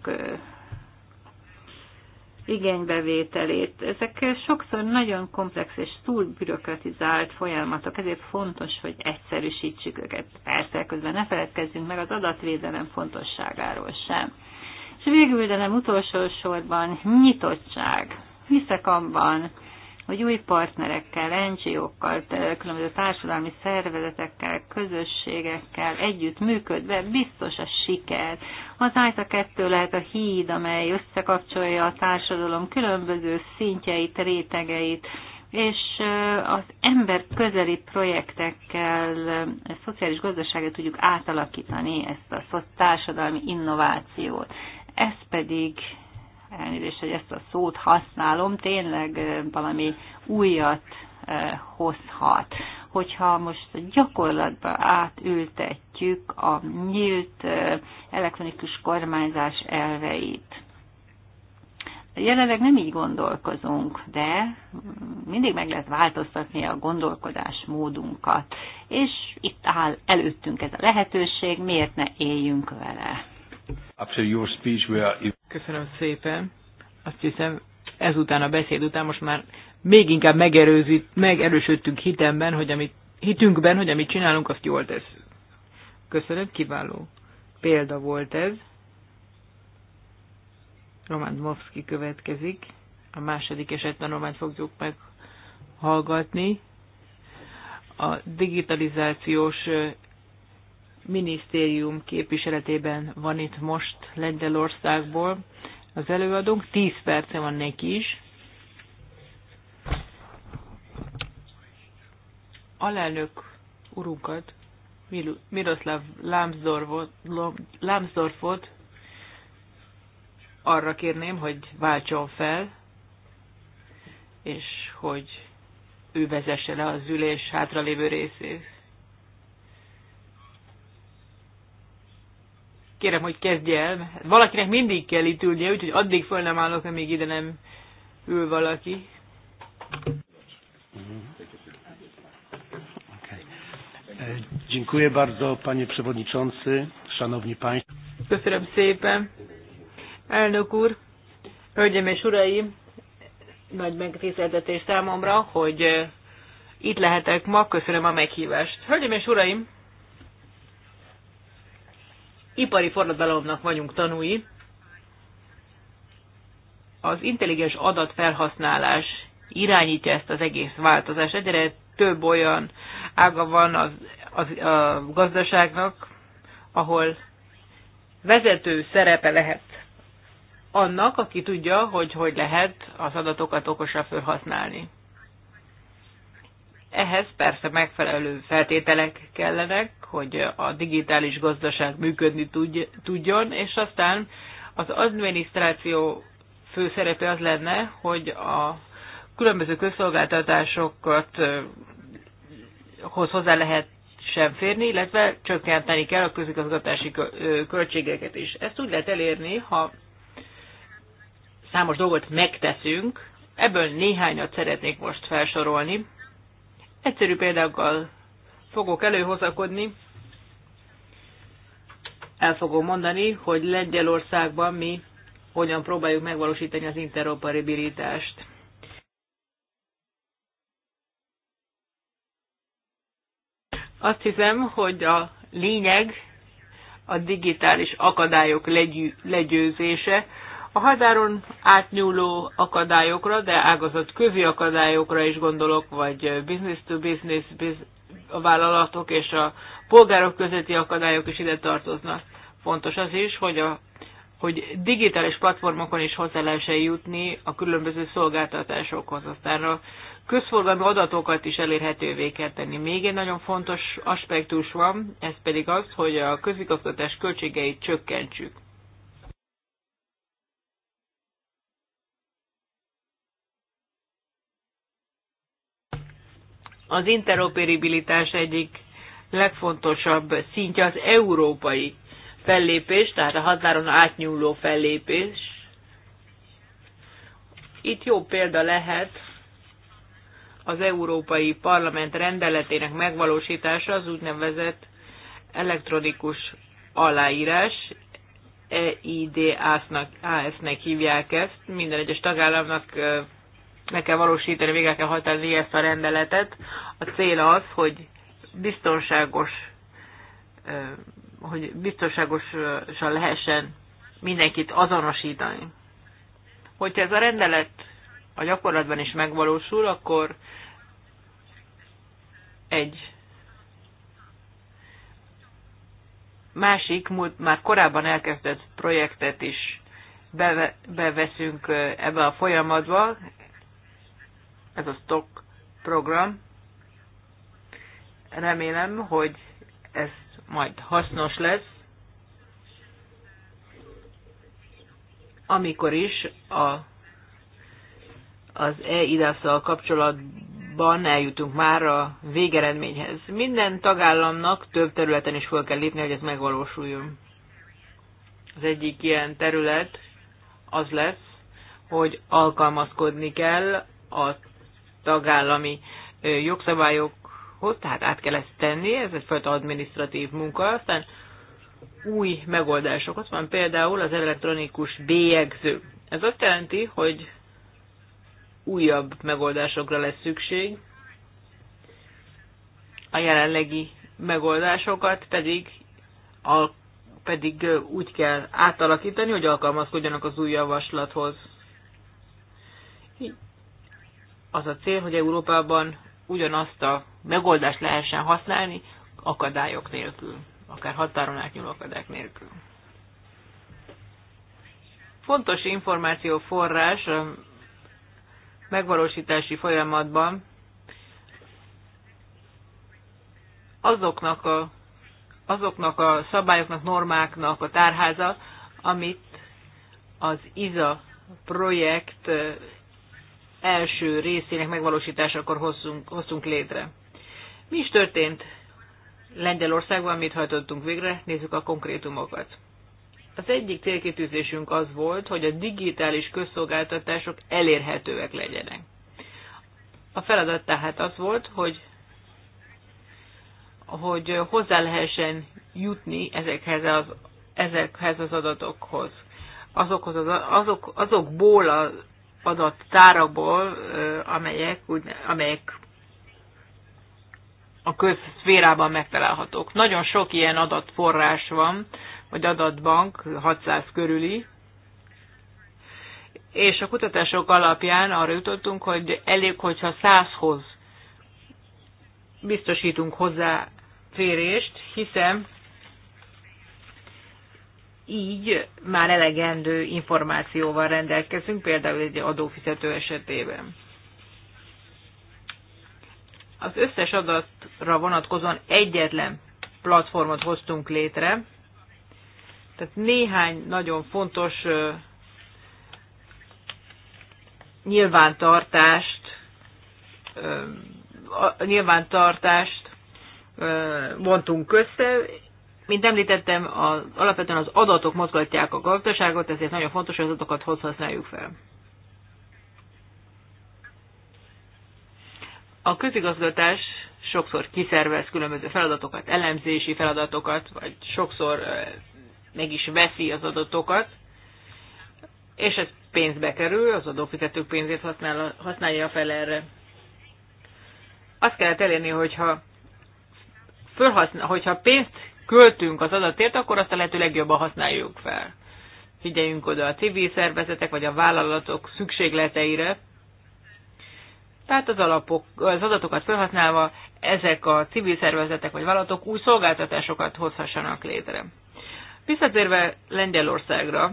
igénybevételét. Ezek sokszor nagyon komplex és túl bürokratizált folyamatok, ezért fontos, hogy egyszerűsítsük őket. Persze, közben ne feledkezzünk meg az adatvédelem fontosságáról sem. És végül, de nem utolsó sorban, nyitottság. Hiszek abban, hogy új partnerekkel, NGO-kkal, különböző társadalmi szervezetekkel, közösségekkel együtt működve biztos a siker. Az a kettő lehet a híd, amely összekapcsolja a társadalom különböző szintjeit, rétegeit, és az ember közeli projektekkel szociális gazdaságot tudjuk átalakítani ezt a társadalmi innovációt. Ez pedig elnézést, hogy ezt a szót használom, tényleg valami újat hozhat. Hogyha most gyakorlatba átültetjük a nyílt elektronikus kormányzás elveit, Jelenleg nem így gondolkozunk, de mindig meg lehet változtatni a gondolkodásmódunkat. És itt áll előttünk ez a lehetőség, miért ne éljünk vele? After your speech we are... Köszönöm szépen. Azt hiszem, ezután a beszéd után most már még inkább megerőzít, megerősödtünk hitemben, hogy amit, hitünkben, hogy amit csinálunk, azt jól tesz. Köszönöm, kiváló példa volt ez. Roman Dmovszki következik. A második esetben Roman fogjuk meghallgatni. A digitalizációs minisztérium képviseletében van itt most Lengyelországból az előadónk. Tíz perce van neki is. Alelnök urunkat, Miroslav Lambsdorffot arra kérném, hogy váltson fel, és hogy ő vezesse le az ülés hátralévő részét. kérem, hogy kezdje el. Valakinek mindig kell itt ülnie, úgyhogy addig föl nem állok, amíg ide nem ül valaki. E, dziękuję bardzo, panie przewodniczący, szanowni państwo. Köszönöm szépen. Elnök úr, hölgyeim és uraim, nagy megtiszteltetés számomra, hogy e, itt lehetek ma. Köszönöm a meghívást. Hölgyeim és uraim, ipari forradalomnak vagyunk tanúi. Az intelligens adatfelhasználás irányítja ezt az egész változást. Egyre több olyan ága van az, az, a gazdaságnak, ahol vezető szerepe lehet annak, aki tudja, hogy hogy lehet az adatokat okosan felhasználni. Ehhez persze megfelelő feltételek kellenek, hogy a digitális gazdaság működni tudjon, és aztán az adminisztráció fő szerepe az lenne, hogy a különböző közszolgáltatásokat hoz hozzá lehet sem férni, illetve csökkenteni kell a közigazgatási költségeket is. Ezt úgy lehet elérni, ha számos dolgot megteszünk. Ebből néhányat szeretnék most felsorolni. Egyszerű példákkal fogok előhozakodni. El fogom mondani, hogy Lengyelországban mi hogyan próbáljuk megvalósítani az interoperabilitást. Azt hiszem, hogy a lényeg a digitális akadályok legyőzése, a határon átnyúló akadályokra, de ágazat közi akadályokra is gondolok, vagy business to business, biz- a vállalatok és a polgárok közötti akadályok is ide tartoznak. Fontos az is, hogy a hogy digitális platformokon is hozzá lehessen jutni a különböző szolgáltatásokhoz. Aztán a közforgalmi adatokat is elérhetővé kell tenni. Még egy nagyon fontos aspektus van, ez pedig az, hogy a közigazgatás költségeit csökkentsük. az interoperabilitás egyik legfontosabb szintje az európai fellépés, tehát a határon átnyúló fellépés. Itt jó példa lehet az Európai Parlament rendeletének megvalósítása az úgynevezett elektronikus aláírás, EIDAS-nak hívják ezt, minden egyes tagállamnak meg kell valósítani, végre kell hatázni ezt a rendeletet. A cél az, hogy biztonságos, hogy biztonságosan lehessen mindenkit azonosítani. Hogyha ez a rendelet a gyakorlatban is megvalósul, akkor egy másik, múlt, már korábban elkezdett projektet is beveszünk ebbe a folyamatba, ez a stock program. Remélem, hogy ez majd hasznos lesz, amikor is a, az e-idásszal kapcsolatban eljutunk már a végeredményhez. Minden tagállamnak több területen is fel kell lépni, hogy ez megvalósuljon. Az egyik ilyen terület az lesz, hogy alkalmazkodni kell a tagállami jogszabályokhoz, tehát át kell ezt tenni, ez egyfajta adminisztratív munka, aztán új megoldások. Ott van például az elektronikus bélyegző. Ez azt jelenti, hogy újabb megoldásokra lesz szükség, a jelenlegi megoldásokat pedig, al, pedig úgy kell átalakítani, hogy alkalmazkodjanak az új javaslathoz az a cél, hogy Európában ugyanazt a megoldást lehessen használni akadályok nélkül, akár határon átnyúló akadályok nélkül. Fontos forrás a megvalósítási folyamatban azoknak a, azoknak a szabályoknak, normáknak a tárháza, amit az IZA projekt első részének megvalósításakor hozzunk, hozzunk létre. Mi is történt Lengyelországban, mit hajtottunk végre, nézzük a konkrétumokat. Az egyik célkitűzésünk az volt, hogy a digitális közszolgáltatások elérhetőek legyenek. A feladat tehát az volt, hogy, hogy hozzá lehessen jutni ezekhez az, ezekhez az adatokhoz. Azokhoz az, azok, azokból az adott tárakból, amelyek, úgy, amelyek a közszférában megtalálhatók. Nagyon sok ilyen adatforrás van, vagy adatbank, 600 körüli, és a kutatások alapján arra jutottunk, hogy elég, hogyha 100-hoz biztosítunk hozzáférést, hiszen így már elegendő információval rendelkezünk, például egy adófizető esetében. Az összes adatra vonatkozóan egyetlen platformot hoztunk létre, tehát néhány nagyon fontos nyilvántartást, nyilvántartást vontunk össze, mint említettem, az, alapvetően az adatok mozgatják a gazdaságot, ezért nagyon fontos, hogy az adatokat hoz használjuk fel. A közigazgatás sokszor kiszervez különböző feladatokat, elemzési feladatokat, vagy sokszor meg is veszi az adatokat, és ez pénzbe kerül, az adófizetők pénzét használ, használja fel erre. Azt kellett elérni, hogyha, fölhasznál, hogyha pénzt költünk az adatért, akkor azt a lehető legjobban használjuk fel. Figyeljünk oda a civil szervezetek vagy a vállalatok szükségleteire. Tehát az, alapok, az adatokat felhasználva ezek a civil szervezetek vagy vállalatok új szolgáltatásokat hozhassanak létre. Visszatérve Lengyelországra,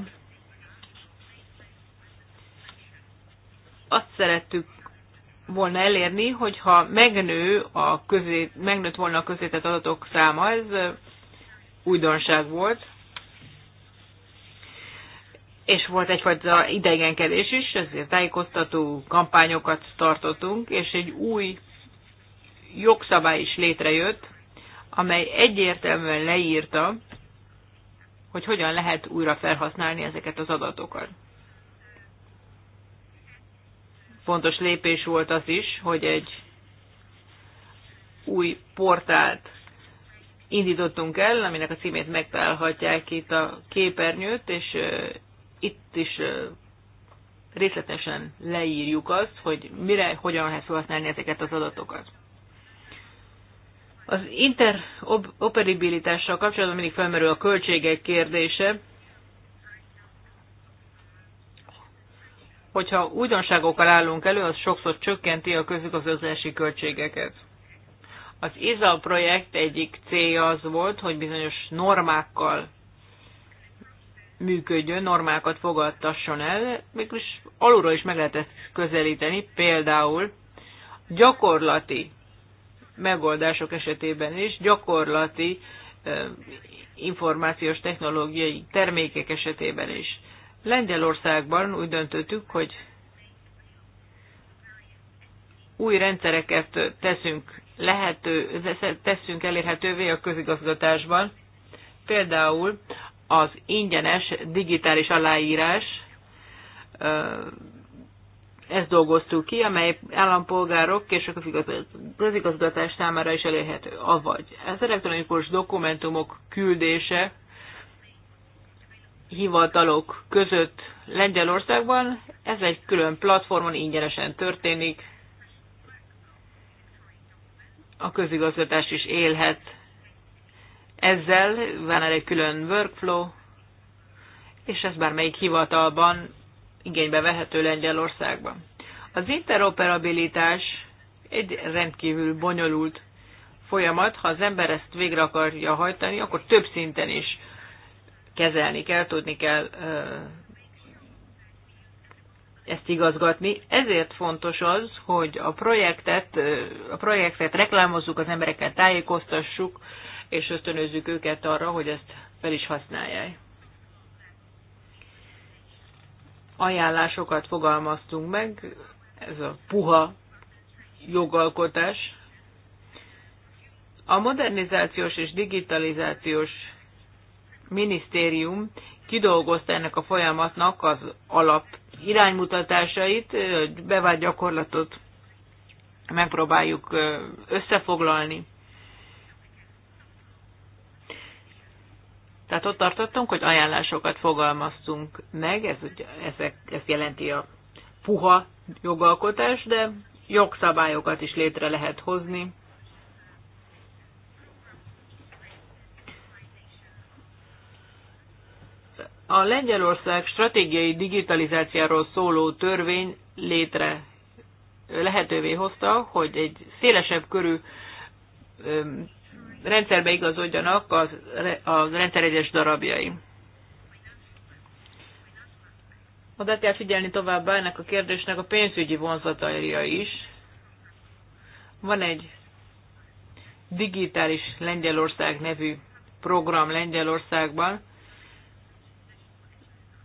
azt szerettük volna elérni, hogyha megnő a közé, megnőtt volna a közétett adatok száma, ez újdonság volt, és volt egyfajta idegenkedés is, ezért tájékoztató kampányokat tartottunk, és egy új jogszabály is létrejött, amely egyértelműen leírta, hogy hogyan lehet újra felhasználni ezeket az adatokat. Fontos lépés volt az is, hogy egy új portált indítottunk el, aminek a címét megtalálhatják itt a képernyőt, és itt is részletesen leírjuk azt, hogy mire, hogyan lehet felhasználni ezeket az adatokat. Az interoperabilitással kapcsolatban mindig felmerül a költségek kérdése. Hogyha újdonságokkal állunk elő, az sokszor csökkenti a közigazgatási költségeket. Az IZA projekt egyik célja az volt, hogy bizonyos normákkal működjön, normákat fogadtasson el, mégis alulról is meg lehet ezt közelíteni, például gyakorlati megoldások esetében is, gyakorlati információs technológiai termékek esetében is. Lengyelországban úgy döntöttük, hogy új rendszereket teszünk lehető, teszünk elérhetővé a közigazgatásban. Például az ingyenes digitális aláírás, ezt dolgoztuk ki, amely állampolgárok és a közigazgatás számára is elérhető. Avagy az elektronikus dokumentumok küldése hivatalok között Lengyelországban, ez egy külön platformon ingyenesen történik, a közigazgatás is élhet ezzel, van egy külön workflow, és ez bármelyik hivatalban igénybe vehető Lengyelországban. Az interoperabilitás egy rendkívül bonyolult folyamat, ha az ember ezt végre akarja hajtani, akkor több szinten is kezelni kell, tudni kell ezt igazgatni. Ezért fontos az, hogy a projektet, a projektet reklámozzuk, az embereket tájékoztassuk, és ösztönözzük őket arra, hogy ezt fel is használják. Ajánlásokat fogalmaztunk meg, ez a puha jogalkotás. A modernizációs és digitalizációs minisztérium kidolgozta ennek a folyamatnak az alap iránymutatásait, bevált gyakorlatot megpróbáljuk összefoglalni. Tehát ott tartottunk, hogy ajánlásokat fogalmaztunk meg, ez, ezek, ez jelenti a puha jogalkotás, de jogszabályokat is létre lehet hozni. A Lengyelország stratégiai digitalizációról szóló törvény létre lehetővé hozta, hogy egy szélesebb körű rendszerbe igazodjanak az, az rendszer egyes darabjai. Oda kell figyelni továbbá ennek a kérdésnek a pénzügyi vonzataira is. Van egy digitális Lengyelország nevű program Lengyelországban,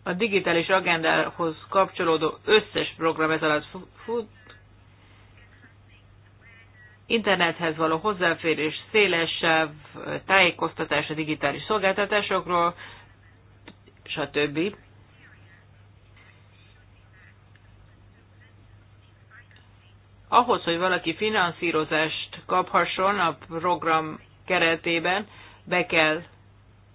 a digitális agendához kapcsolódó összes program ez alatt fut, internethez való hozzáférés, szélesebb tájékoztatás a digitális szolgáltatásokról, stb. Ahhoz, hogy valaki finanszírozást kaphasson a program keretében, be kell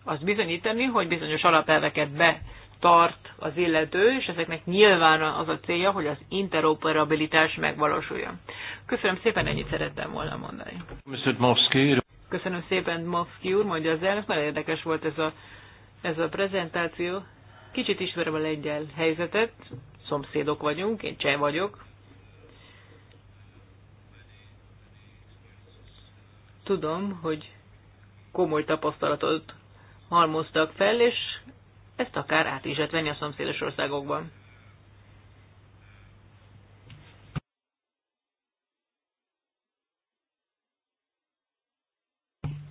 azt bizonyítani, hogy bizonyos alapelveket be tart az illető, és ezeknek nyilván az a célja, hogy az interoperabilitás megvalósuljon. Köszönöm szépen, ennyit szerettem volna mondani. Köszönöm szépen, Mofsky úr, mondja az elnök, nagyon érdekes volt ez a, ez a prezentáció. Kicsit ismerem a lengyel helyzetet, szomszédok vagyunk, én cseh vagyok. Tudom, hogy komoly tapasztalatot halmoztak fel, és ezt akár át is lehet venni a szomszédos országokban.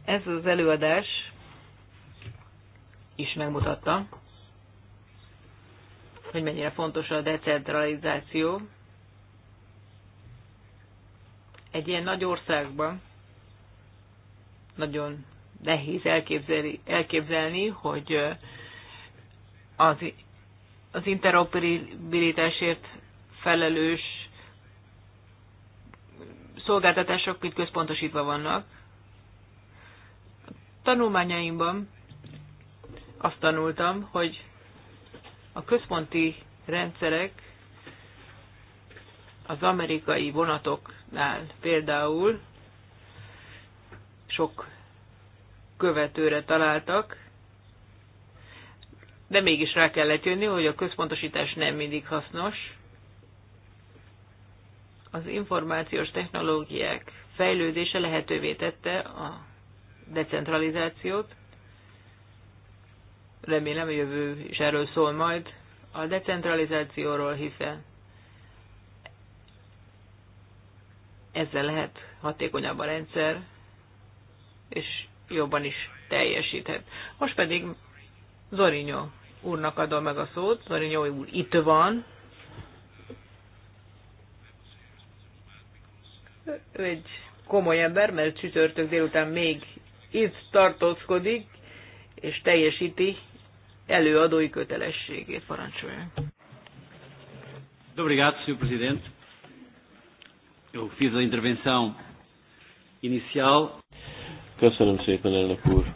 Ez az előadás is megmutatta, hogy mennyire fontos a decentralizáció egy ilyen nagy országban nagyon nehéz elképzelni, elképzelni hogy az, az interoperabilitásért felelős szolgáltatások mind központosítva vannak. A tanulmányaimban azt tanultam, hogy a központi rendszerek az amerikai vonatoknál például sok követőre találtak, de mégis rá kellett jönni, hogy a központosítás nem mindig hasznos. Az információs technológiák fejlődése lehetővé tette a decentralizációt. Remélem, a jövő is erről szól majd a decentralizációról, hiszen ezzel lehet hatékonyabb a rendszer, és jobban is teljesíthet. Most pedig Zorinyó úrnak adom meg a szót. Zorinyó úr itt van. Ő egy komoly ember, mert csütörtök délután még itt tartózkodik, és teljesíti előadói kötelességét. Parancsolja. Obrigado, Sr. Presidente. Eu fiz a intervenção inicial. Köszönöm szépen, elnök úr,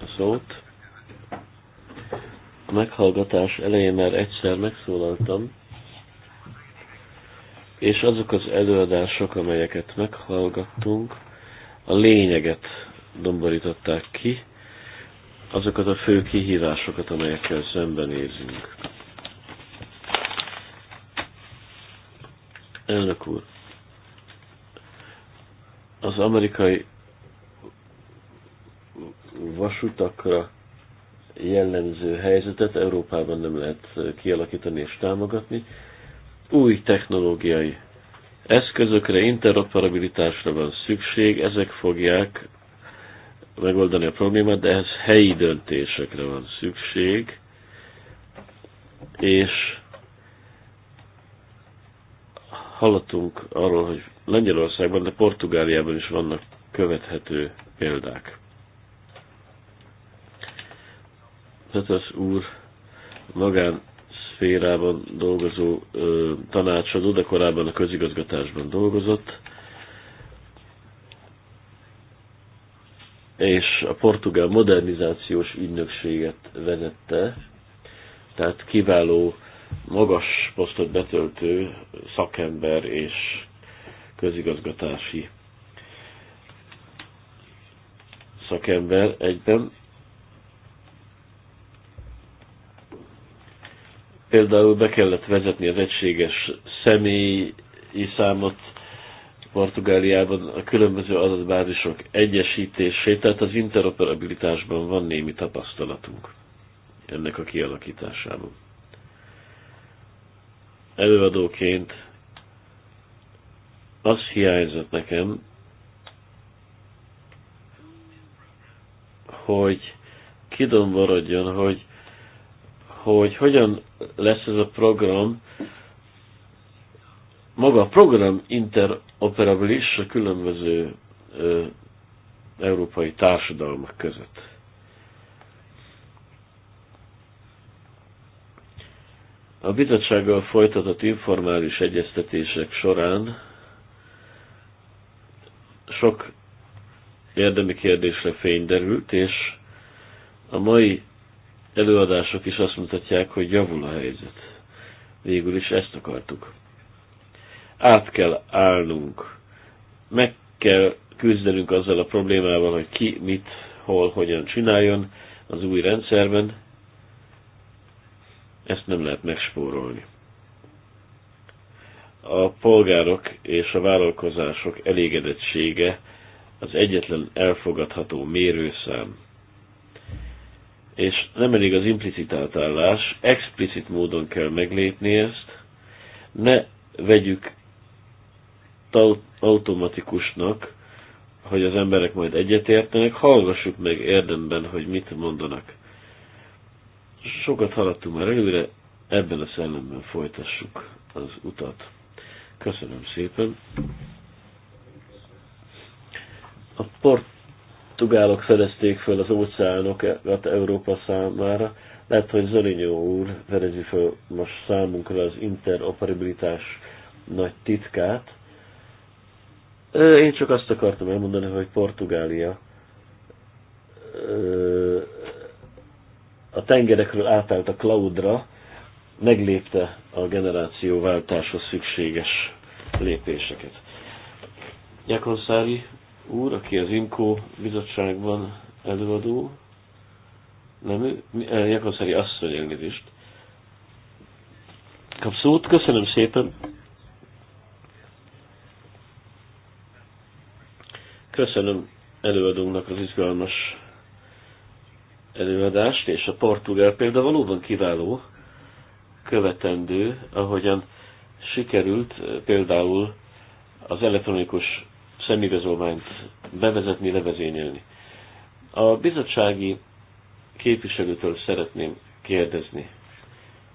a szót a meghallgatás elején már egyszer megszólaltam, és azok az előadások, amelyeket meghallgattunk, a lényeget domborították ki, azokat a fő kihívásokat, amelyekkel szembenézünk. Elnök úr, az amerikai vasutakra jellemző helyzetet Európában nem lehet kialakítani és támogatni. Új technológiai eszközökre, interoperabilitásra van szükség, ezek fogják megoldani a problémát, de ehhez helyi döntésekre van szükség, és hallottunk arról, hogy Lengyelországban, de Portugáliában is vannak követhető példák. Kötös úr magán szférában dolgozó ö, tanácsadó, de korábban a közigazgatásban dolgozott, és a portugál modernizációs ügynökséget vezette, tehát kiváló, magas posztot betöltő szakember és közigazgatási szakember egyben, Például be kellett vezetni az egységes személyi számot Portugáliában a különböző adatbázisok egyesítését, tehát az interoperabilitásban van némi tapasztalatunk ennek a kialakításában. Előadóként az hiányzott nekem, hogy kidomborodjon, hogy hogy hogyan lesz ez a program, maga a program interoperabilis a különböző ö, európai társadalmak között. A bizottsággal folytatott informális egyeztetések során sok érdemi kérdésre fény derült, és a mai előadások is azt mutatják, hogy javul a helyzet. Végül is ezt akartuk. Át kell állnunk. Meg kell küzdenünk azzal a problémával, hogy ki mit, hol, hogyan csináljon az új rendszerben. Ezt nem lehet megspórolni. A polgárok és a vállalkozások elégedettsége az egyetlen elfogadható mérőszám és nem elég az implicit átállás, explicit módon kell meglépni ezt, ne vegyük automatikusnak, hogy az emberek majd egyetértenek, hallgassuk meg érdemben, hogy mit mondanak. Sokat haladtunk már előre, ebben a szellemben folytassuk az utat. Köszönöm szépen! A port tugálok fedezték föl az óceánokat Európa számára. Lehet, hogy Zorinyó úr fedezi föl most számunkra az interoperabilitás nagy titkát. Én csak azt akartam elmondani, hogy Portugália a tengerekről átállt a cloudra, meglépte a generációváltáshoz szükséges lépéseket. Jakonszári úr, aki az IMCO bizottságban előadó, nem ő, eh, Jakonszeri asszony elnézést. Kap szót, köszönöm szépen. Köszönöm előadónak az izgalmas előadást, és a portugál példa valóban kiváló, követendő, ahogyan sikerült eh, például az elektronikus szemigazolványt bevezetni, levezényelni. A bizottsági képviselőtől szeretném kérdezni,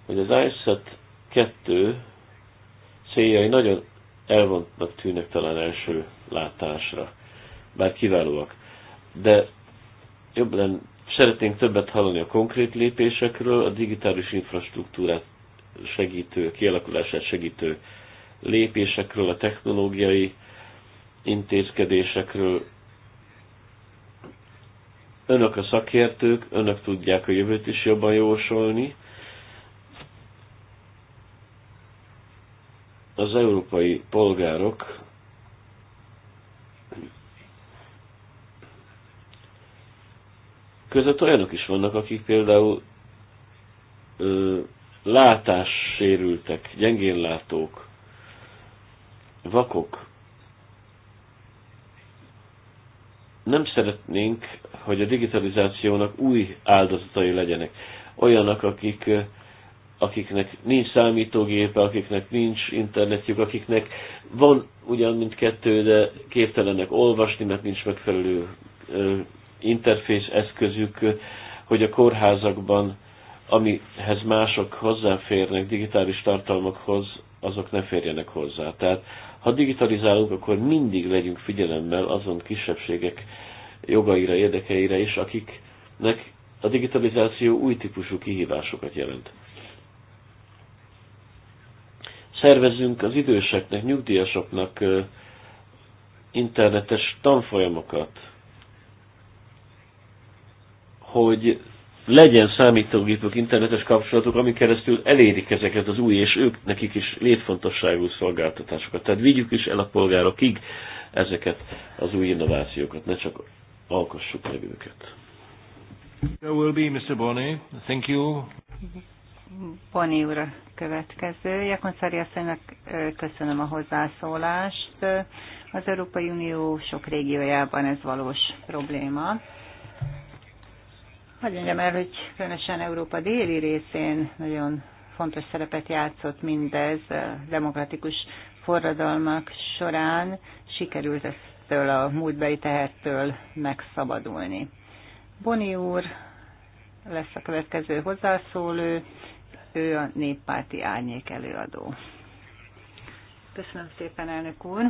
hogy az ISAT 2 céljai nagyon elvontnak tűnek talán első látásra, bár kiválóak. De jobb lenne, szeretnénk többet hallani a konkrét lépésekről, a digitális infrastruktúrát segítő, kialakulását segítő lépésekről, a technológiai intézkedésekről. Önök a szakértők, önök tudják a jövőt is jobban jósolni. Az európai polgárok között olyanok is vannak, akik például ö, látássérültek, gyengénlátók, vakok, Nem szeretnénk, hogy a digitalizációnak új áldozatai legyenek. Olyanok, akik, akiknek nincs számítógépe, akiknek nincs internetjük, akiknek van ugyan mindkettő, de képtelenek olvasni, mert nincs megfelelő interfész eszközük, hogy a kórházakban, amihez mások hozzáférnek, digitális tartalmakhoz, azok ne férjenek hozzá. Tehát ha digitalizálunk, akkor mindig legyünk figyelemmel azon kisebbségek jogaira, érdekeire is, akiknek a digitalizáció új típusú kihívásokat jelent. Szervezzünk az időseknek, nyugdíjasoknak internetes tanfolyamokat, hogy legyen számítógépük internetes kapcsolatuk, amin keresztül elérik ezeket az új, és ők nekik is létfontosságú szolgáltatásokat. Tehát vigyük is el a polgárokig ezeket az új innovációkat, ne csak alkossuk meg őket. There will be Mr. Bonney. Thank you. Bonney úr a következő. Jakonszári asszonynak köszönöm a hozzászólást. Az Európai Unió sok régiójában ez valós probléma hogy mondjam el, hogy különösen Európa déli részén nagyon fontos szerepet játszott mindez a demokratikus forradalmak során, sikerült eztől a múltbeli tehertől megszabadulni. Boni úr lesz a következő hozzászólő, ő a néppárti árnyék előadó. Köszönöm szépen, elnök úr!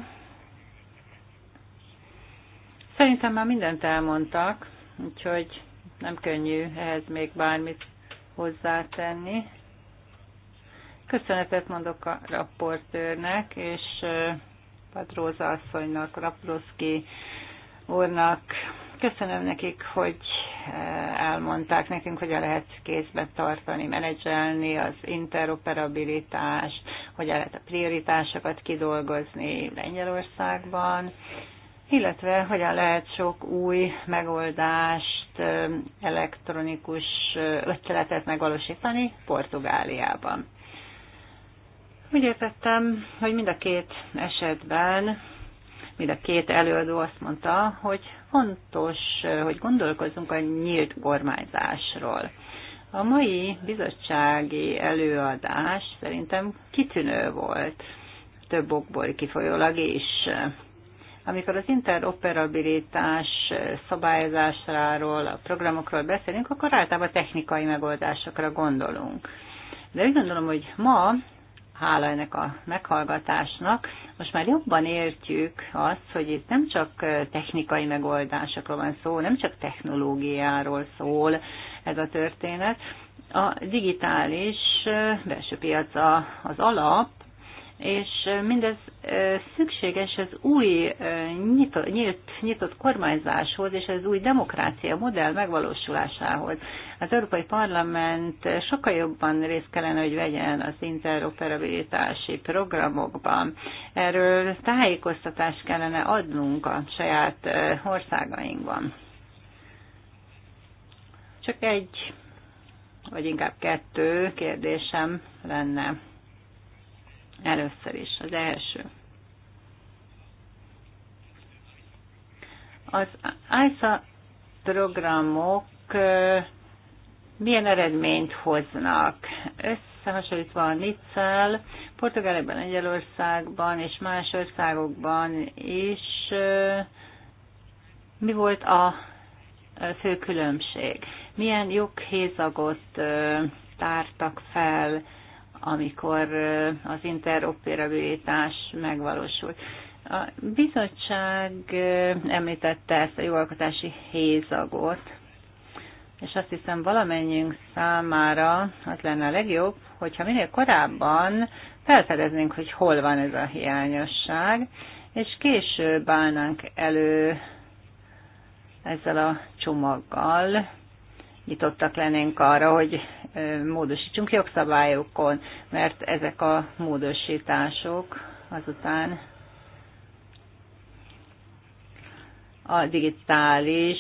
Szerintem már mindent elmondtak, úgyhogy nem könnyű ehhez még bármit hozzátenni. Köszönetet mondok a raportőrnek, és eh, Padróza asszonynak, Raproszki úrnak. Köszönöm nekik, hogy eh, elmondták nekünk, hogy a lehet kézbe tartani, menedzselni az interoperabilitást, hogy lehet a prioritásokat kidolgozni Lengyelországban illetve hogyan lehet sok új megoldást, elektronikus ötletet megvalósítani Portugáliában. Úgy értettem, hogy mind a két esetben, mind a két előadó azt mondta, hogy fontos, hogy gondolkozzunk a nyílt kormányzásról. A mai bizottsági előadás szerintem kitűnő volt, több okból kifolyólag is amikor az interoperabilitás szabályozásáról, a programokról beszélünk, akkor általában technikai megoldásokra gondolunk. De úgy gondolom, hogy ma, hála ennek a meghallgatásnak, most már jobban értjük azt, hogy itt nem csak technikai megoldásokról van szó, nem csak technológiáról szól ez a történet. A digitális belső piac az alap, és mindez szükséges az új nyitott, nyílt, nyitott kormányzáshoz és az új demokrácia modell megvalósulásához. Az Európai Parlament sokkal jobban részt kellene, hogy vegyen az interoperabilitási programokban. Erről tájékoztatást kellene adnunk a saját országainkban. Csak egy, vagy inkább kettő kérdésem lenne Először is, az első. Az ISA programok milyen eredményt hoznak? Összehasonlítva a NICEL, Portugáliában, Egyelországban és más országokban is mi volt a fő különbség? Milyen joghézagot tártak fel, amikor az interoperabilitás megvalósult. A bizottság említette ezt a jogalkotási hézagot, és azt hiszem valamennyünk számára az lenne a legjobb, hogyha minél korábban felfedeznénk, hogy hol van ez a hiányosság, és később állnánk elő ezzel a csomaggal, nyitottak lennénk arra, hogy módosítsunk jogszabályokon, mert ezek a módosítások azután a digitális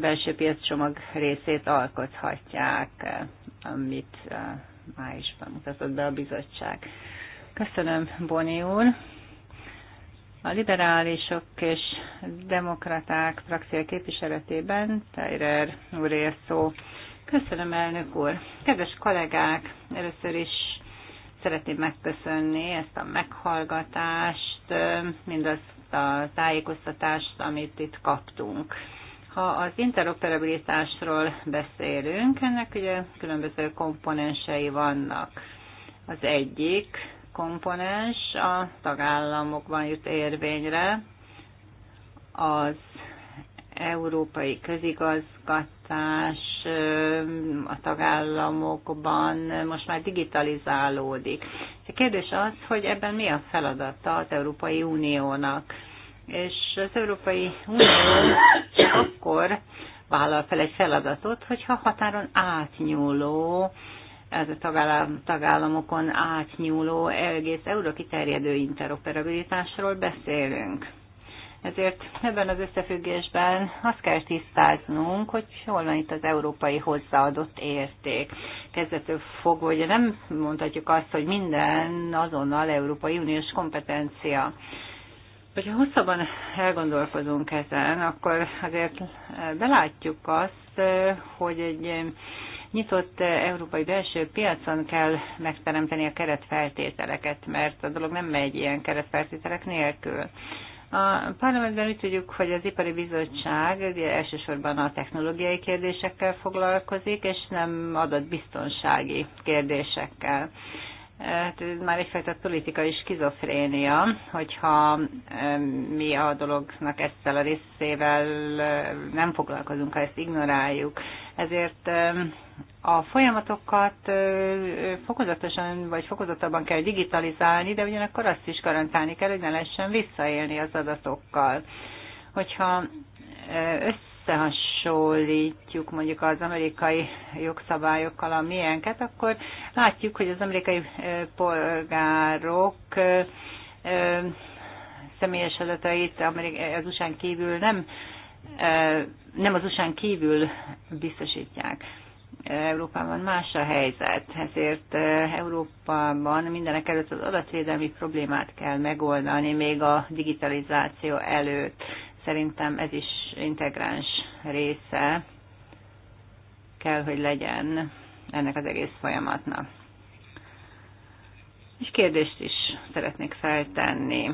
belső piaccsomag részét alkothatják, amit májusban bemutatott be a bizottság. Köszönöm, Boni úr! A liberálisok és demokraták frakció képviseletében Tejrer úr szó. Köszönöm, elnök úr. Kedves kollégák, először is szeretném megköszönni ezt a meghallgatást, mindazt a tájékoztatást, amit itt kaptunk. Ha az interoperabilitásról beszélünk, ennek ugye különböző komponensei vannak. Az egyik komponens a tagállamokban jut érvényre, az európai közigazgatás a tagállamokban most már digitalizálódik. A kérdés az, hogy ebben mi a feladata az Európai Uniónak. És az Európai Unió csak akkor vállal fel egy feladatot, hogyha határon átnyúló, ez a tagállam, tagállamokon átnyúló, egész euróra kiterjedő interoperabilitásról beszélünk ezért ebben az összefüggésben azt kell tisztáznunk, hogy hol van itt az európai hozzáadott érték. Kezdetől fogva, ugye nem mondhatjuk azt, hogy minden azonnal Európai Uniós kompetencia. Hogyha hosszabban elgondolkozunk ezen, akkor azért belátjuk azt, hogy egy nyitott európai belső piacon kell megteremteni a keretfeltételeket, mert a dolog nem megy ilyen keretfeltételek nélkül. A parlamentben úgy tudjuk, hogy az Ipari Bizottság elsősorban a technológiai kérdésekkel foglalkozik, és nem adatbiztonsági kérdésekkel. Hát ez már egyfajta politikai skizofrénia, hogyha mi a dolognak ezzel a részével nem foglalkozunk, ha ezt ignoráljuk. Ezért a folyamatokat fokozatosan vagy fokozatban kell digitalizálni, de ugyanakkor azt is garantálni kell, hogy ne lehessen visszaélni az adatokkal. Hogyha össze összehasonlítjuk mondjuk az amerikai jogszabályokkal a miénket, akkor látjuk, hogy az amerikai polgárok személyes adatait az usa kívül nem, nem az usa kívül biztosítják. Európában más a helyzet, ezért Európában mindenek előtt az adatvédelmi problémát kell megoldani, még a digitalizáció előtt. Szerintem ez is integráns része kell, hogy legyen ennek az egész folyamatnak. És kérdést is szeretnék feltenni.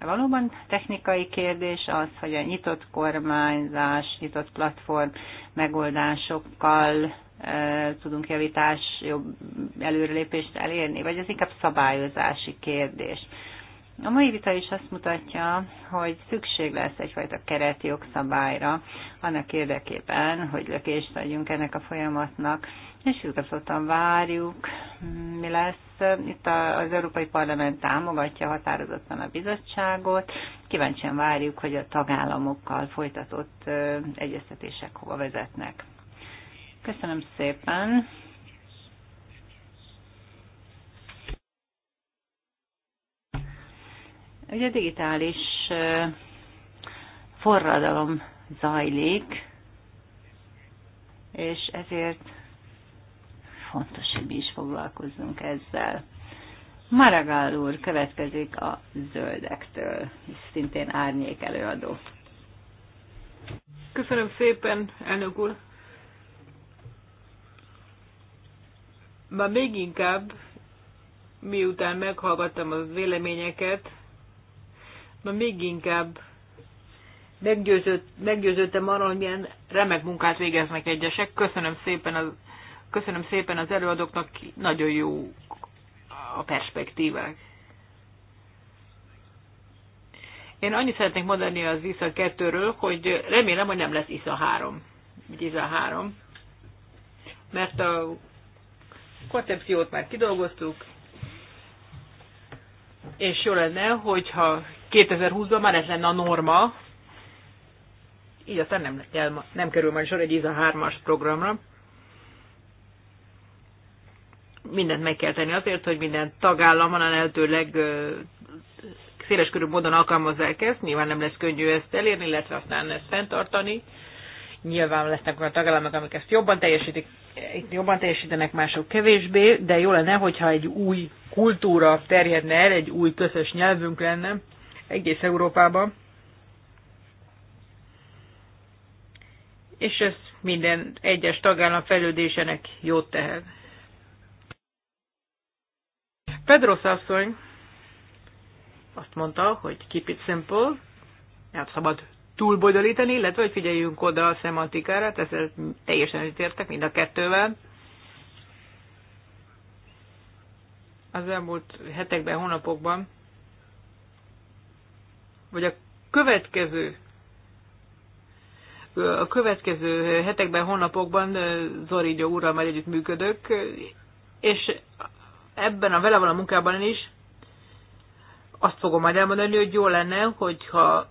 Valóban technikai kérdés az, hogy a nyitott kormányzás, nyitott platform megoldásokkal e, tudunk javítás, jobb előrelépést elérni, vagy ez inkább szabályozási kérdés. A mai vita is azt mutatja, hogy szükség lesz egyfajta kereti jogszabályra annak érdekében, hogy lökést adjunk ennek a folyamatnak, és izgatottan várjuk, mi lesz. Itt az Európai Parlament támogatja határozottan a bizottságot, kíváncsian várjuk, hogy a tagállamokkal folytatott egyeztetések hova vezetnek. Köszönöm szépen! Ugye digitális forradalom zajlik, és ezért fontos, hogy mi is foglalkozzunk ezzel. Maragall úr következik a zöldektől, és szintén árnyék előadó. Köszönöm szépen, elnök úr. Ma még inkább, miután meghallgattam a véleményeket, még inkább meggyőződ, meggyőződtem arról, hogy milyen remek munkát végeznek egyesek. Köszönöm szépen az, köszönöm szépen az előadóknak, nagyon jó a perspektívák. Én annyit szeretnék mondani az ISA 2-ről, hogy remélem, hogy nem lesz ISA 3, ISA 3, mert a koncepciót már kidolgoztuk, és jó lenne, hogyha 2020-ban már ez lenne a norma, így aztán nem, el, nem kerül majd sor egy ISA 3-as programra. Mindent meg kell tenni azért, hogy minden tagállamon a lehetőleg körű módon alkalmazzák ezt, nyilván nem lesz könnyű ezt elérni, illetve aztán ezt fenntartani. Nyilván lesznek olyan tagállamok, amik ezt jobban teljesítik, jobban teljesítenek, mások kevésbé, de jó lenne, hogyha egy új kultúra terjedne el, egy új közös nyelvünk lenne, egész Európában. És ez minden egyes tagállam fejlődésének jót tehet. Pedro asszony azt mondta, hogy keep it simple, nem szabad túlbonyolítani, illetve hogy figyeljünk oda a szemantikára, ezzel teljesen egyetértek mind a kettővel. Az elmúlt hetekben, hónapokban vagy a következő a következő hetekben, hónapokban Zorigyó úrral majd együtt működök, és ebben a vele a munkában is azt fogom majd elmondani, hogy jó lenne, hogyha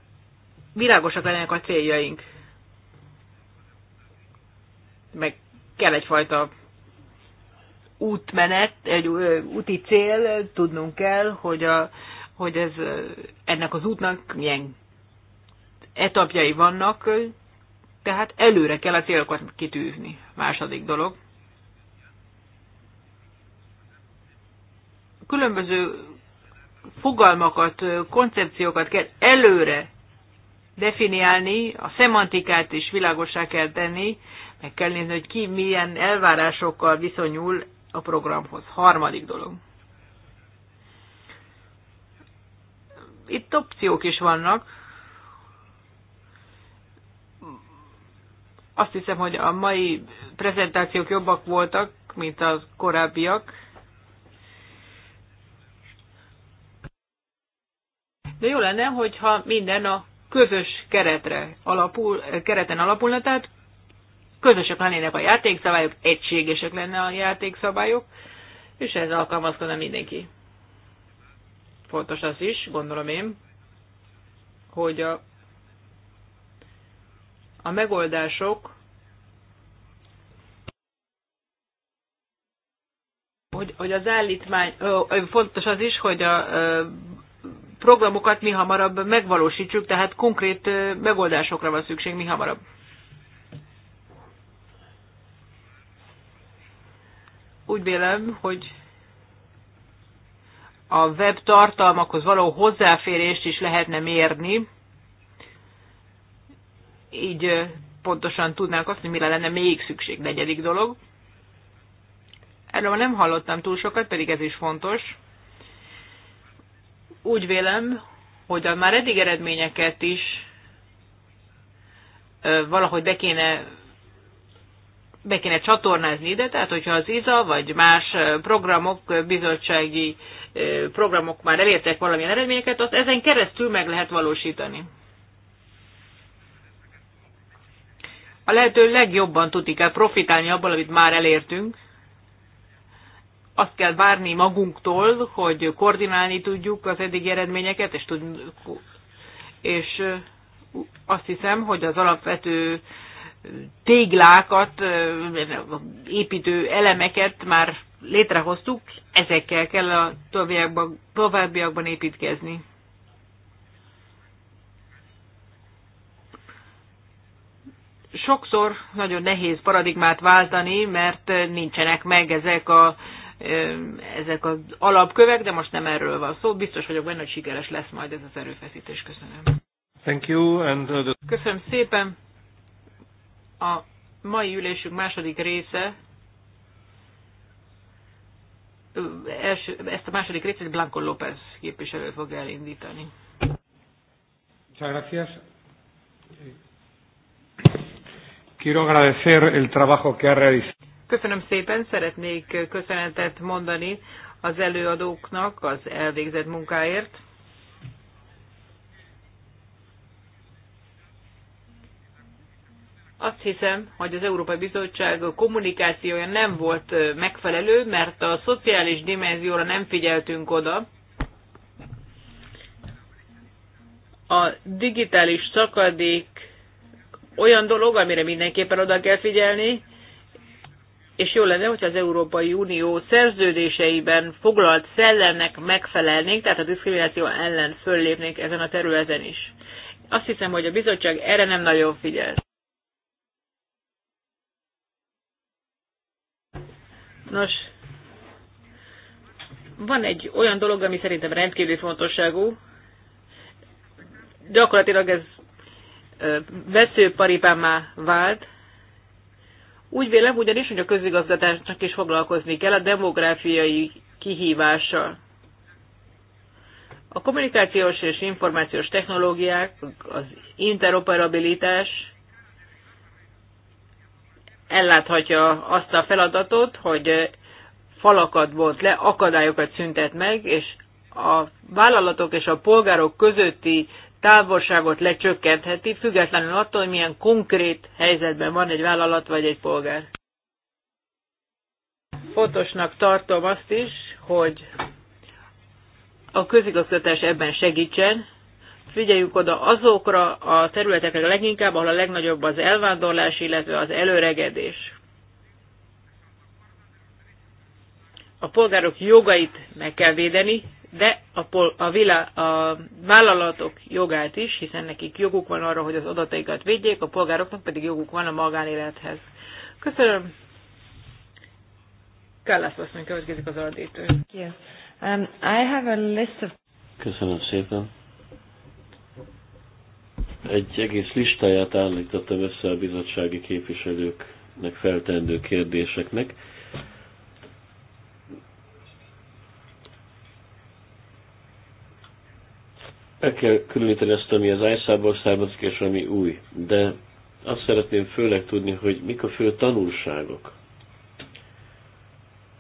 világosak lennének a céljaink. Meg kell egyfajta útmenet, egy úti cél, tudnunk kell, hogy a hogy ez, ennek az útnak milyen etapjai vannak, tehát előre kell a célokat kitűzni. Második dolog. Különböző fogalmakat, koncepciókat kell előre definiálni, a szemantikát is világosá kell tenni, meg kell nézni, hogy ki milyen elvárásokkal viszonyul a programhoz. Harmadik dolog. itt opciók is vannak. Azt hiszem, hogy a mai prezentációk jobbak voltak, mint a korábbiak. De jó lenne, hogyha minden a közös keretre alapul, kereten alapulna, tehát közösek lennének a játékszabályok, egységesek lenne a játékszabályok, és ez alkalmazkodna mindenki. Fontos az is, gondolom én, hogy a, a megoldások, hogy, hogy az állítmány, ö, fontos az is, hogy a ö, programokat mi hamarabb megvalósítsuk, tehát konkrét ö, megoldásokra van szükség mi hamarabb. Úgy vélem, hogy a web tartalmakhoz való hozzáférést is lehetne mérni, így pontosan tudnánk azt, hogy mire lenne még szükség. Negyedik dolog. Erről nem hallottam túl sokat, pedig ez is fontos. Úgy vélem, hogy a már eddig eredményeket is valahogy be kéne, be kéne csatornázni ide, tehát hogyha az IZA vagy más programok bizottsági programok már elértek valamilyen eredményeket, azt ezen keresztül meg lehet valósítani. A lehető legjobban tudni kell profitálni abból, amit már elértünk. Azt kell várni magunktól, hogy koordinálni tudjuk az eddigi eredményeket, és, tud, és azt hiszem, hogy az alapvető téglákat, építő elemeket már létrehoztuk, ezekkel kell a továbbiakban, továbbiakban építkezni. Sokszor nagyon nehéz paradigmát váltani, mert nincsenek meg ezek a ezek az alapkövek, de most nem erről van szó. Biztos vagyok benne, hogy sikeres lesz majd ez az erőfeszítés. Köszönöm. Thank you and uh, the... Köszönöm szépen. A mai ülésünk második része első, ezt a második részt Blanco López képviselő fog elindítani. Köszönöm szépen, szeretnék köszönetet mondani az előadóknak az elvégzett munkáért. Azt hiszem, hogy az Európai Bizottság kommunikációja nem volt megfelelő, mert a szociális dimenzióra nem figyeltünk oda. A digitális szakadék olyan dolog, amire mindenképpen oda kell figyelni, és jó lenne, hogy az Európai Unió szerződéseiben foglalt szellemnek megfelelnénk, tehát a diszkrimináció ellen föllépnénk ezen a területen is. Azt hiszem, hogy a bizottság erre nem nagyon figyel. Nos, van egy olyan dolog, ami szerintem rendkívül fontosságú. Gyakorlatilag ez veszőparipámá vált. Úgy vélem ugyanis, hogy a közigazgatásnak is foglalkozni kell a demográfiai kihívással. A kommunikációs és információs technológiák, az interoperabilitás elláthatja azt a feladatot, hogy falakat volt le, akadályokat szüntet meg, és a vállalatok és a polgárok közötti távolságot lecsökkentheti, függetlenül attól, hogy milyen konkrét helyzetben van egy vállalat vagy egy polgár. Fontosnak tartom azt is, hogy a közigazgatás ebben segítsen, figyeljünk oda azokra a területekre leginkább, ahol a legnagyobb az elvándorlás, illetve az előregedés. A polgárok jogait meg kell védeni, de a, pol, a, vilá, a vállalatok jogát is, hiszen nekik joguk van arra, hogy az adataikat védjék, a polgároknak pedig joguk van a magánélethez. Köszönöm. Kállász asszony következik az adatétől. Yeah. Um, I have a list of... Köszönöm szépen egy egész listáját állítottam össze a bizottsági képviselőknek feltendő kérdéseknek. El kell különíteni azt, ami az ISA-ból származik, és ami új. De azt szeretném főleg tudni, hogy mik a fő tanulságok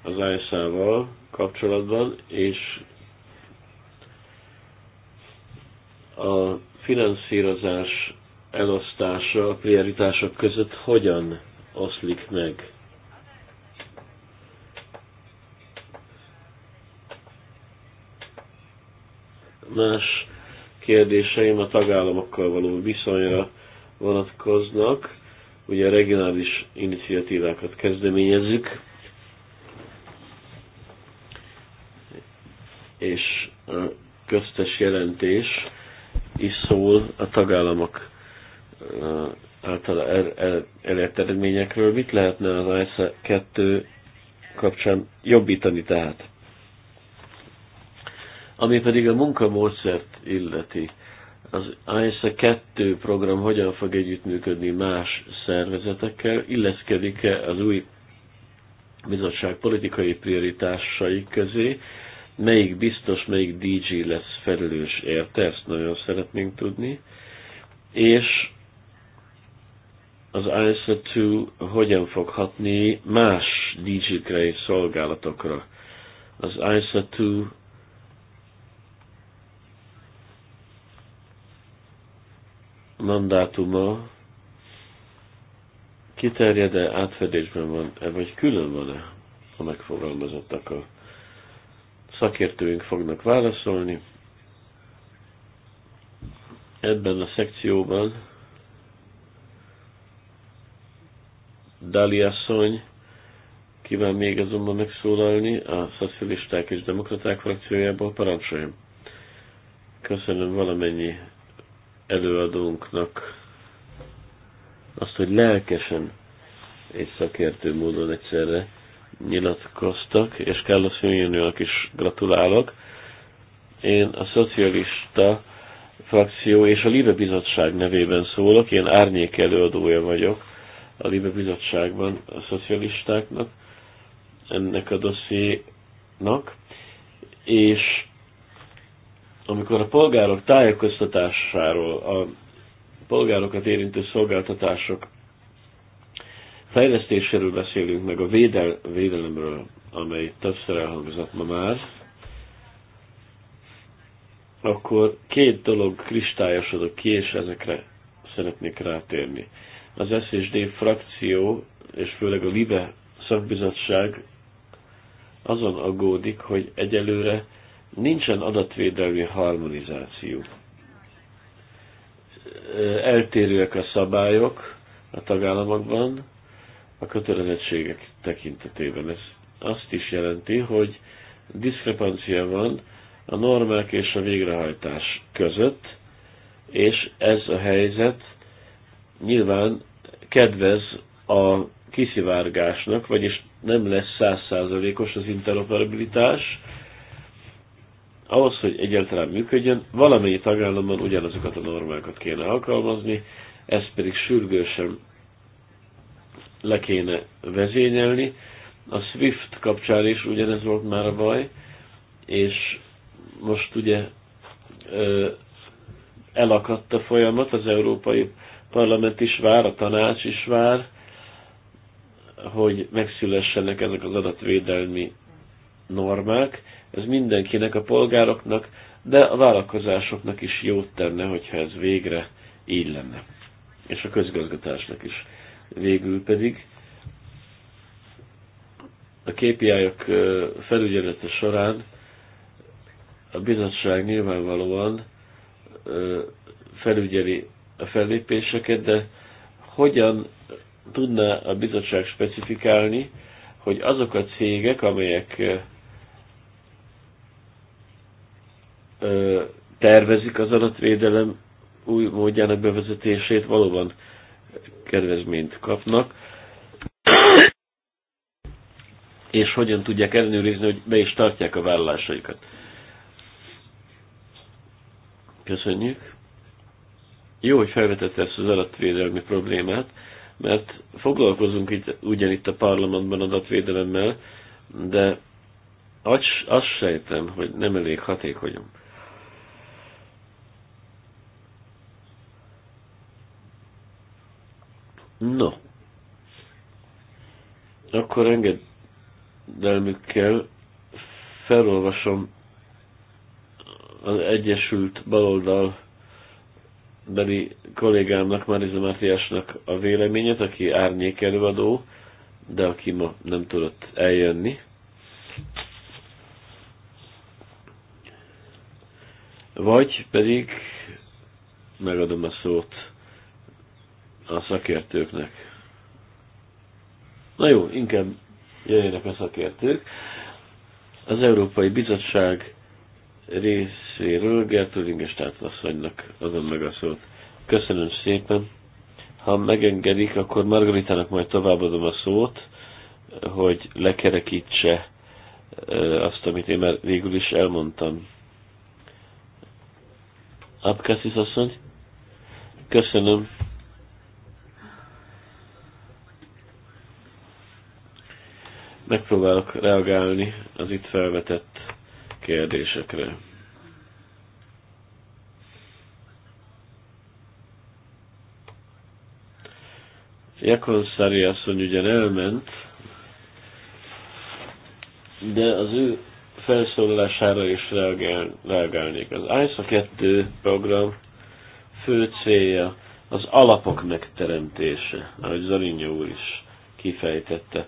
az ISA-val kapcsolatban, és a finanszírozás elosztása a prioritások között hogyan oszlik meg? Más kérdéseim a tagállamokkal való viszonyra vonatkoznak. Ugye a regionális iniciatívákat kezdeményezzük, és a köztes jelentés is szól a tagállamok által er, er, elért eredményekről. Mit lehetne az ISA 2 e kapcsán jobbítani tehát? Ami pedig a munkamódszert illeti, az ISA 2 e program hogyan fog együttműködni más szervezetekkel, illeszkedik-e az új bizottság politikai prioritásai közé, melyik biztos, melyik DJ lesz felelős érte, ezt nagyon szeretnénk tudni, és az ISA 2 hogyan fog hatni más dj kre és szolgálatokra. Az ISA 2 mandátuma kiterjed-e, átfedésben van-e, vagy külön van-e a megfogalmazottakkal? szakértőink fognak válaszolni. Ebben a szekcióban Dali asszony kíván még azonban megszólalni a szocialisták és demokraták frakciójából parancsoljon. Köszönöm valamennyi előadónknak azt, hogy lelkesen és szakértő módon egyszerre nyilatkoztak, és Carlos Jönjönőnek is gratulálok. Én a szocialista frakció és a Libe Bizottság nevében szólok, én árnyék előadója vagyok a Libe Bizottságban a szocialistáknak, ennek a dossziénak, és amikor a polgárok tájékoztatásáról, a polgárokat érintő szolgáltatások fejlesztéséről beszélünk, meg a védel, védelemről, amely többször elhangzott ma már, akkor két dolog kristályosodott ki, és ezekre szeretnék rátérni. Az SSD frakció, és főleg a LIBE szakbizottság azon aggódik, hogy egyelőre nincsen adatvédelmi harmonizáció. Eltérőek a szabályok a tagállamokban, a kötelezettségek tekintetében. Ez azt is jelenti, hogy diszkrepancia van a normák és a végrehajtás között, és ez a helyzet nyilván kedvez a kiszivárgásnak, vagyis nem lesz százszázalékos az interoperabilitás. Ahhoz, hogy egyáltalán működjön, valamennyi tagállamban ugyanazokat a normákat kéne alkalmazni, ez pedig sürgősen le kéne vezényelni. A SWIFT kapcsán is ugyanez volt már a baj, és most ugye elakadt a folyamat, az Európai Parlament is vár, a tanács is vár, hogy megszülessenek ezek az adatvédelmi normák. Ez mindenkinek, a polgároknak, de a vállalkozásoknak is jót tenne, hogyha ez végre így lenne. És a közgazgatásnak is végül pedig a KPI-ok felügyelete során a bizottság nyilvánvalóan felügyeli a fellépéseket, de hogyan tudná a bizottság specifikálni, hogy azok a cégek, amelyek tervezik az adatvédelem új módjának bevezetését, valóban kedvezményt kapnak, és hogyan tudják ellenőrizni, hogy be is tartják a vállalásaikat. Köszönjük. Jó, hogy felvetette ezt az adatvédelmi problémát, mert foglalkozunk itt, ugyan itt a parlamentben adatvédelemmel, de azt sejtem, hogy nem elég hatékonyan. No. Akkor engedelmükkel felolvasom az Egyesült Baloldal beli kollégámnak, Mariza Mátiásnak a véleményet, aki árnyék előadó, de aki ma nem tudott eljönni. Vagy pedig megadom a szót a szakértőknek. Na jó, inkább jöjjenek a szakértők. Az Európai Bizottság részéről Gertrudinges Tátlasszonynak adom meg a szót. Köszönöm szépen. Ha megengedik, akkor Margaritának majd továbbadom a szót, hogy lekerekítse azt, amit én már végül is elmondtam. Abkassis asszony, köszönöm Megpróbálok reagálni az itt felvetett kérdésekre. Jakon Szári asszony ugyan elment, de az ő felszólalására is reagál, reagálnék. Az ISA 2 program fő célja az alapok megteremtése, ahogy Zorinja úr is kifejtette.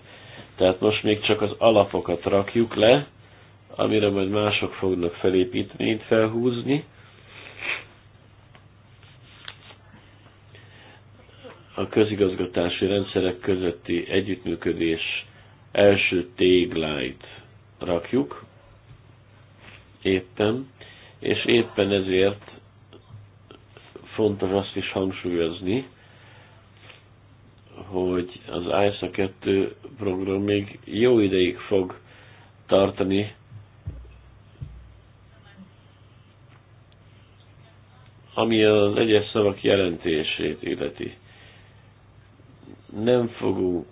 Tehát most még csak az alapokat rakjuk le, amire majd mások fognak felépítményt felhúzni. A közigazgatási rendszerek közötti együttműködés első tégláit rakjuk, éppen, és éppen ezért fontos azt is hangsúlyozni, hogy az ISA 2 program még jó ideig fog tartani, ami az egyes szavak jelentését illeti. Nem fogunk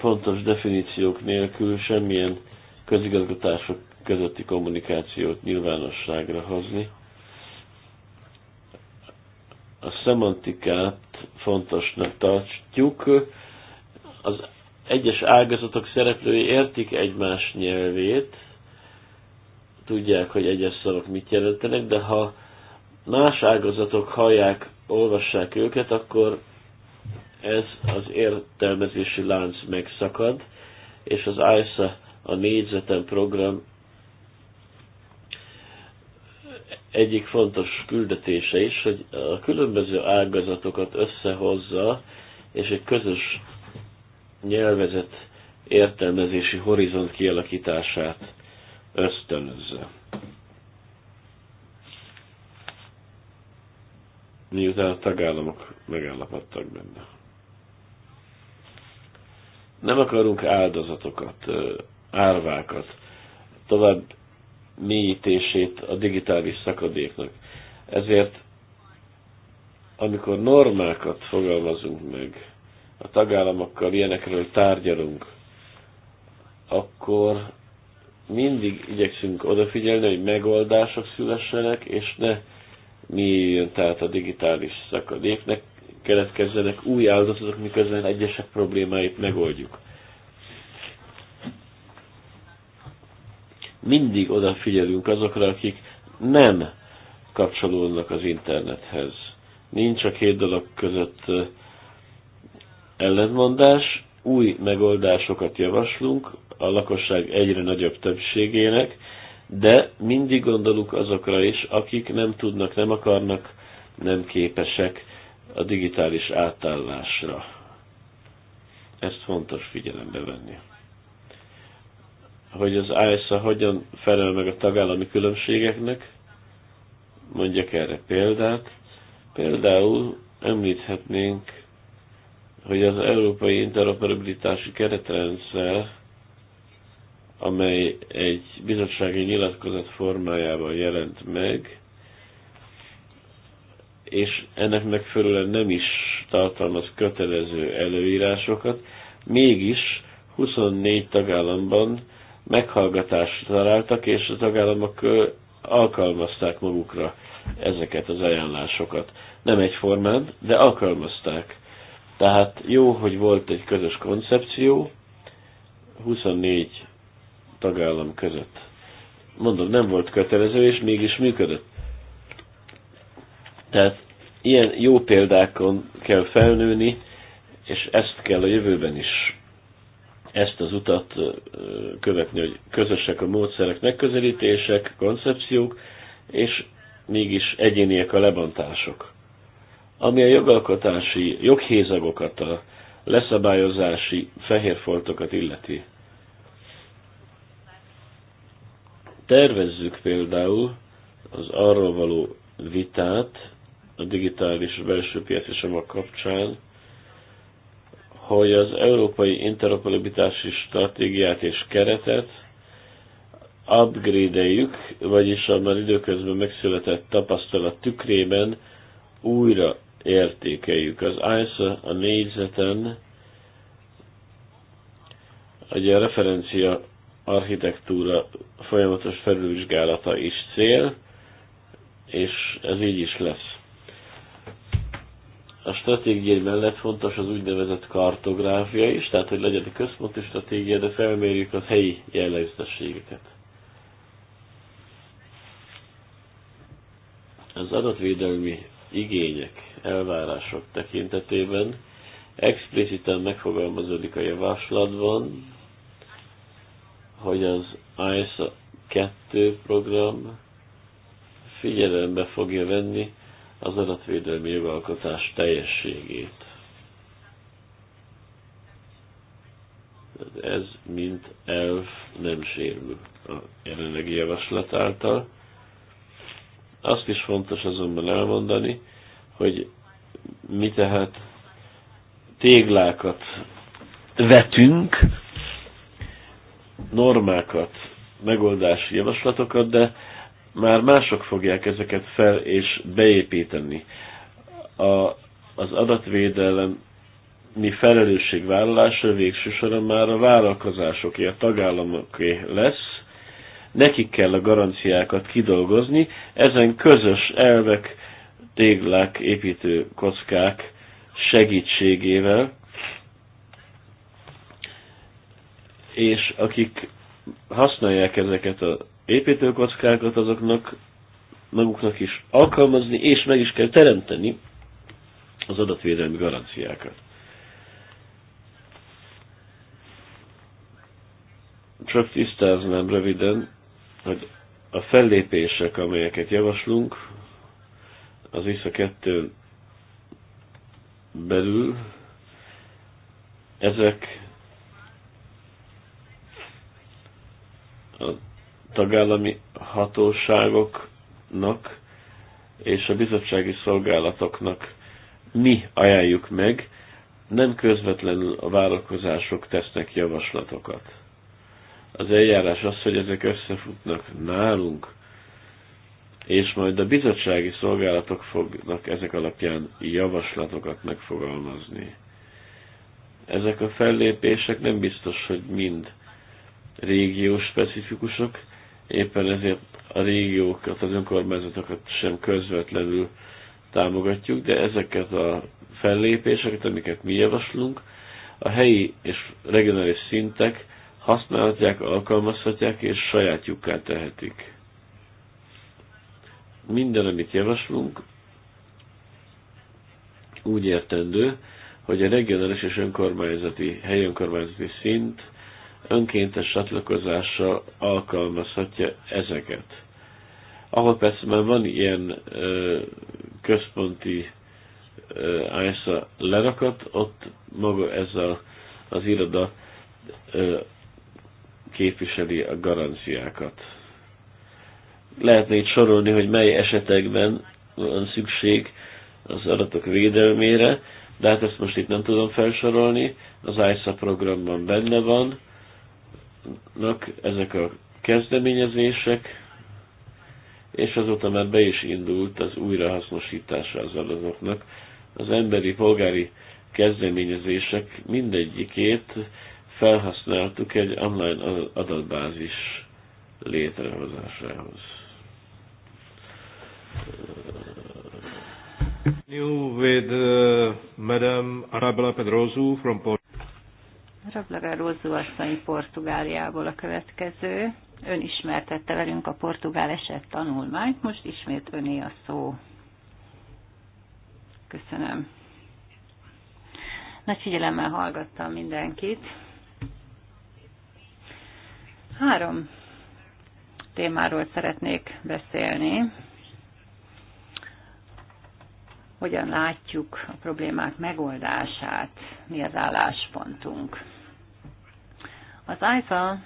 pontos definíciók nélkül semmilyen közigazgatások közötti kommunikációt nyilvánosságra hozni a szemantikát fontosnak tartjuk. Az egyes ágazatok szereplői értik egymás nyelvét, tudják, hogy egyes szavak mit jelentenek, de ha más ágazatok hallják, olvassák őket, akkor ez az értelmezési lánc megszakad, és az ISA a négyzeten program egyik fontos küldetése is, hogy a különböző ágazatokat összehozza, és egy közös nyelvezet értelmezési horizont kialakítását ösztönözze. Miután a tagállamok megállapodtak benne. Nem akarunk áldozatokat, árvákat, tovább mélyítését a digitális szakadéknak. Ezért, amikor normákat fogalmazunk meg, a tagállamokkal ilyenekről tárgyalunk, akkor mindig igyekszünk odafigyelni, hogy megoldások szülessenek, és ne mi jön tehát a digitális szakadéknek, keletkezzenek új áldozatok, miközben egyesek problémáit megoldjuk. mindig odafigyelünk azokra, akik nem kapcsolódnak az internethez. Nincs a két dolog között ellentmondás, új megoldásokat javaslunk a lakosság egyre nagyobb többségének, de mindig gondolunk azokra is, akik nem tudnak, nem akarnak, nem képesek a digitális átállásra. Ezt fontos figyelembe venni hogy az ISA hogyan felel meg a tagállami különbségeknek, mondjak erre példát. Például említhetnénk, hogy az Európai Interoperabilitási Keretrendszer, amely egy bizottsági nyilatkozat formájában jelent meg, és ennek megfelelően nem is tartalmaz kötelező előírásokat, mégis 24 tagállamban meghallgatást találtak, és a tagállamok alkalmazták magukra ezeket az ajánlásokat. Nem egyformán, de alkalmazták. Tehát jó, hogy volt egy közös koncepció 24 tagállam között. Mondom, nem volt kötelező, és mégis működött. Tehát ilyen jó példákon kell felnőni, és ezt kell a jövőben is ezt az utat követni, hogy közösek a módszerek, megközelítések, koncepciók, és mégis egyéniek a lebontások. Ami a jogalkotási joghézagokat, a leszabályozási fehérfoltokat illeti. Tervezzük például az arról való vitát a digitális belső piaci kapcsán, hogy az európai interoperabilitási stratégiát és keretet upgrade-eljük, vagyis a már időközben megszületett tapasztalat tükrében újra értékeljük. Az ISA a négyzeten egy a referencia architektúra folyamatos felülvizsgálata is cél, és ez így is lesz a stratégiai mellett fontos az úgynevezett kartográfia is, tehát hogy legyen egy központi stratégia, de felmérjük az helyi jellegzetességeket. Az adatvédelmi igények, elvárások tekintetében expliciten megfogalmazódik a javaslatban, hogy az ISA 2 program figyelembe fogja venni az adatvédelmi jogalkotás teljességét. Ez mint elf nem sérül a jelenlegi javaslat által. Azt is fontos azonban elmondani, hogy mi tehát téglákat vetünk, normákat, megoldási javaslatokat, de már mások fogják ezeket fel és beépíteni. A, az adatvédelem mi felelősségvállalása végső soron már a vállalkozásoké, a tagállamoké lesz, nekik kell a garanciákat kidolgozni, ezen közös elvek, téglák, építő kockák segítségével, és akik használják ezeket az építőkockákat, azoknak maguknak is alkalmazni, és meg is kell teremteni az adatvédelmi garanciákat. Csak tisztáznám röviden, hogy a fellépések, amelyeket javaslunk, az ISZA 2 belül, ezek a tagállami hatóságoknak és a bizottsági szolgálatoknak mi ajánljuk meg, nem közvetlenül a vállalkozások tesznek javaslatokat. Az eljárás az, hogy ezek összefutnak nálunk, és majd a bizottsági szolgálatok fognak ezek alapján javaslatokat megfogalmazni. Ezek a fellépések nem biztos, hogy mind régiós specifikusak, éppen ezért a régiókat, az önkormányzatokat sem közvetlenül támogatjuk, de ezeket a fellépéseket, amiket mi javaslunk, a helyi és regionális szintek használhatják, alkalmazhatják és sajátjukká tehetik. Minden, amit javaslunk, úgy értendő, hogy a regionális és önkormányzati, helyi önkormányzati szint önkéntes csatlakozással alkalmazhatja ezeket. Ahol persze már van ilyen ö, központi ö, ISA lerakat, ott maga ez a, az iroda ö, képviseli a garanciákat. Lehetne itt sorolni, hogy mely esetekben van szükség az adatok védelmére, de hát ezt most itt nem tudom felsorolni, az ISA programban benne van, ezek a kezdeményezések, és azóta már be is indult az újrahasznosítása az adatoknak. Az emberi polgári kezdeményezések mindegyikét felhasználtuk egy online adatbázis létrehozásához. New with uh, Madame Arabella Pedrosu from Pol Rablaga Rózó asszony Portugáliából a következő. Ön ismertette velünk a portugál eset tanulmányt, most ismét öné a szó. Köszönöm. Nagy figyelemmel hallgattam mindenkit. Három témáról szeretnék beszélni hogyan látjuk a problémák megoldását, mi az álláspontunk. Az ISA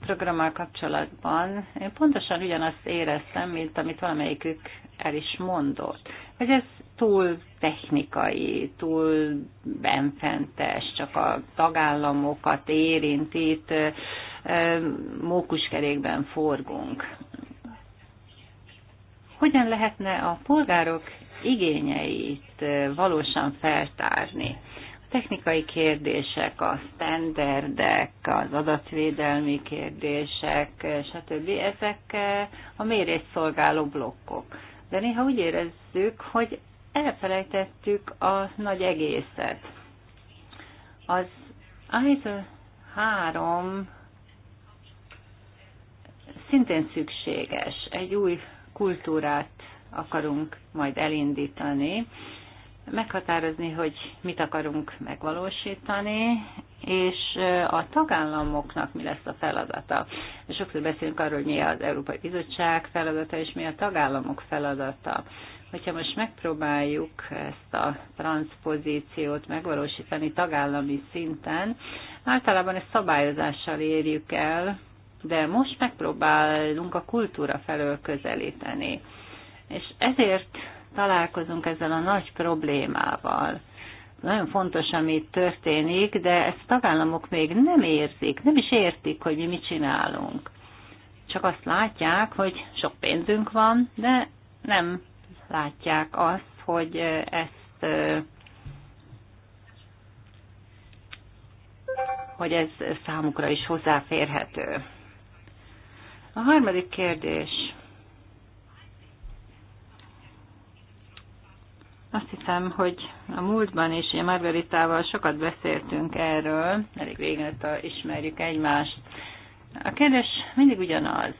programmal kapcsolatban én pontosan ugyanazt éreztem, mint amit valamelyikük el is mondott, hogy ez túl technikai, túl benfentes, csak a tagállamokat érint, itt mókuskerékben forgunk. Hogyan lehetne a polgárok igényeit valósan feltárni. A technikai kérdések, a standardek, az adatvédelmi kérdések, stb. ezek a mérés szolgáló blokkok. De néha úgy érezzük, hogy elfelejtettük a nagy egészet. Az ISO 3 szintén szükséges egy új kultúrát akarunk majd elindítani, meghatározni, hogy mit akarunk megvalósítani, és a tagállamoknak mi lesz a feladata. Sokszor beszélünk arról, hogy mi az Európai Bizottság feladata, és mi a tagállamok feladata. Hogyha most megpróbáljuk ezt a transpozíciót megvalósítani tagállami szinten, általában ezt szabályozással érjük el, de most megpróbálunk a kultúra felől közelíteni. És ezért találkozunk ezzel a nagy problémával. Nagyon fontos, ami történik, de ezt tagállamok még nem érzik, nem is értik, hogy mi mit csinálunk. Csak azt látják, hogy sok pénzünk van, de nem látják azt, hogy ezt hogy ez számukra is hozzáférhető. A harmadik kérdés Azt hiszem, hogy a múltban is én Margaritával sokat beszéltünk erről, elég régóta ismerjük egymást. A kérdés mindig ugyanaz.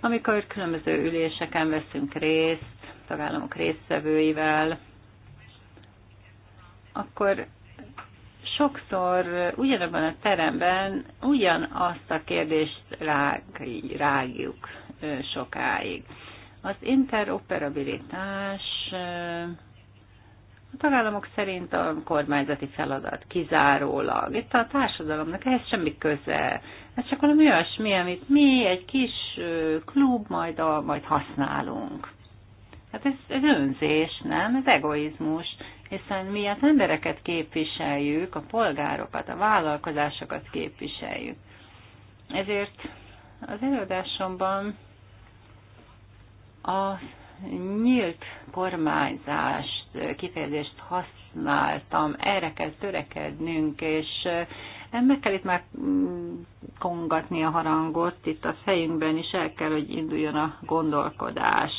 Amikor különböző üléseken veszünk részt, tagállamok résztvevőivel, akkor sokszor ugyanabban a teremben ugyanazt a kérdést rág, rágjuk sokáig. Az interoperabilitás eh, a tagállamok szerint a kormányzati feladat kizárólag. Itt a társadalomnak ehhez semmi köze. Ez csak valami olyasmi, amit mi egy kis eh, klub majd, a, majd használunk. Hát ez, ez önzés, nem? Ez egoizmus, hiszen mi az hát embereket képviseljük, a polgárokat, a vállalkozásokat képviseljük. Ezért az előadásomban a nyílt kormányzást kifejezést használtam, erre kell törekednünk, és meg kell itt már kongatni a harangot, itt a fejünkben is el kell, hogy induljon a gondolkodás.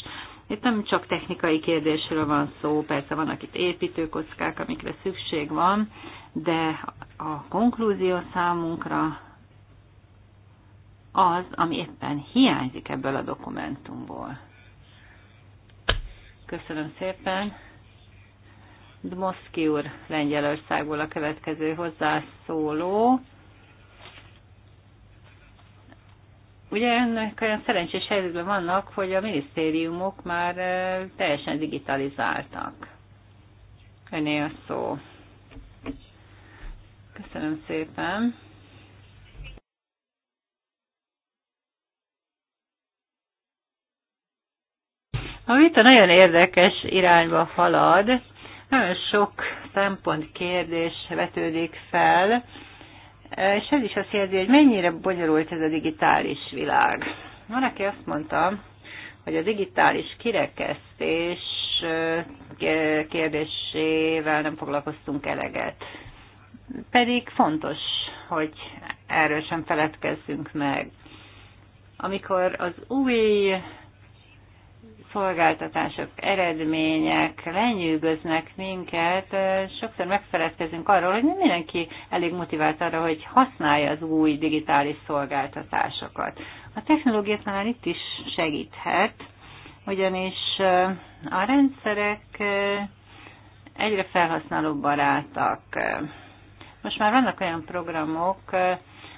Itt nem csak technikai kérdésről van szó, persze vannak itt építőkockák, amikre szükség van, de a konklúzió számunkra az, ami éppen hiányzik ebből a dokumentumból. Köszönöm szépen. Dmoszki úr Lengyelországból a következő hozzászóló. Ugye ennek olyan szerencsés helyzetben vannak, hogy a minisztériumok már teljesen digitalizáltak. Öné a szó. Köszönöm szépen. A vita nagyon érdekes irányba halad, nagyon sok szempont kérdés vetődik fel, és ez is azt jelzi, hogy mennyire bonyolult ez a digitális világ. Van, aki azt mondta, hogy a digitális kirekesztés kérdésével nem foglalkoztunk eleget. Pedig fontos, hogy erről sem feledkezzünk meg. Amikor az új szolgáltatások, eredmények lenyűgöznek minket, sokszor megfeledkezünk arról, hogy nem mindenki elég motivált arra, hogy használja az új digitális szolgáltatásokat. A technológia talán itt is segíthet, ugyanis a rendszerek egyre felhasználó barátak. Most már vannak olyan programok,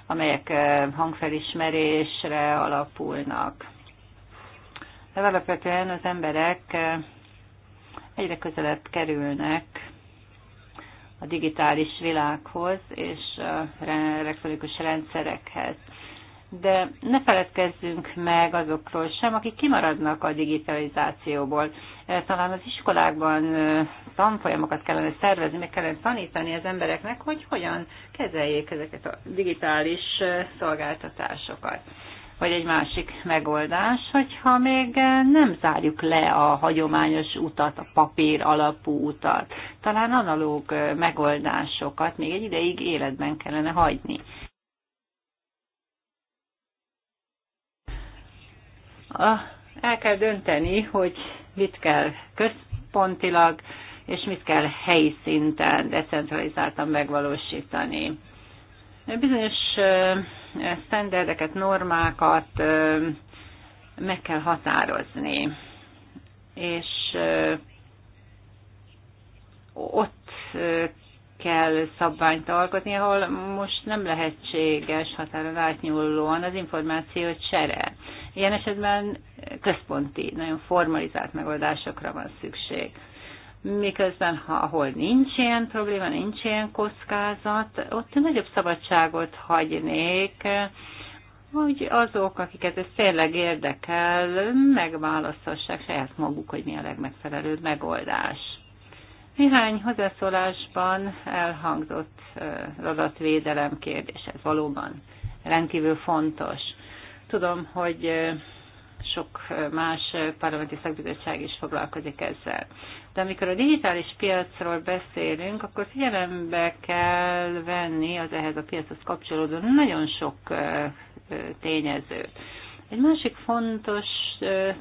amelyek hangfelismerésre alapulnak de alapvetően az emberek egyre közelebb kerülnek a digitális világhoz és a elektronikus rendszerekhez. De ne feledkezzünk meg azokról sem, akik kimaradnak a digitalizációból. Talán az iskolákban tanfolyamokat kellene szervezni, meg kellene tanítani az embereknek, hogy hogyan kezeljék ezeket a digitális szolgáltatásokat vagy egy másik megoldás, hogyha még eh, nem zárjuk le a hagyományos utat, a papír alapú utat. Talán analóg eh, megoldásokat még egy ideig életben kellene hagyni. El kell dönteni, hogy mit kell központilag, és mit kell helyi szinten decentralizáltan megvalósítani. Bizonyos eh, sztenderdeket, normákat meg kell határozni. És ott kell szabványt alkotni, ahol most nem lehetséges határon átnyúlóan az információ csere. Ilyen esetben központi, nagyon formalizált megoldásokra van szükség miközben ha, ahol nincs ilyen probléma, nincs ilyen kockázat, ott nagyobb szabadságot hagynék, hogy azok, akiket ez tényleg érdekel, megválaszthassák saját maguk, hogy mi a legmegfelelőbb megoldás. Néhány hozzászólásban elhangzott adatvédelem kérdés, ez valóban rendkívül fontos. Tudom, hogy sok más parlamenti szakbizottság is foglalkozik ezzel. De amikor a digitális piacról beszélünk, akkor figyelembe kell venni az ehhez a piachoz kapcsolódó nagyon sok tényezőt. Egy másik fontos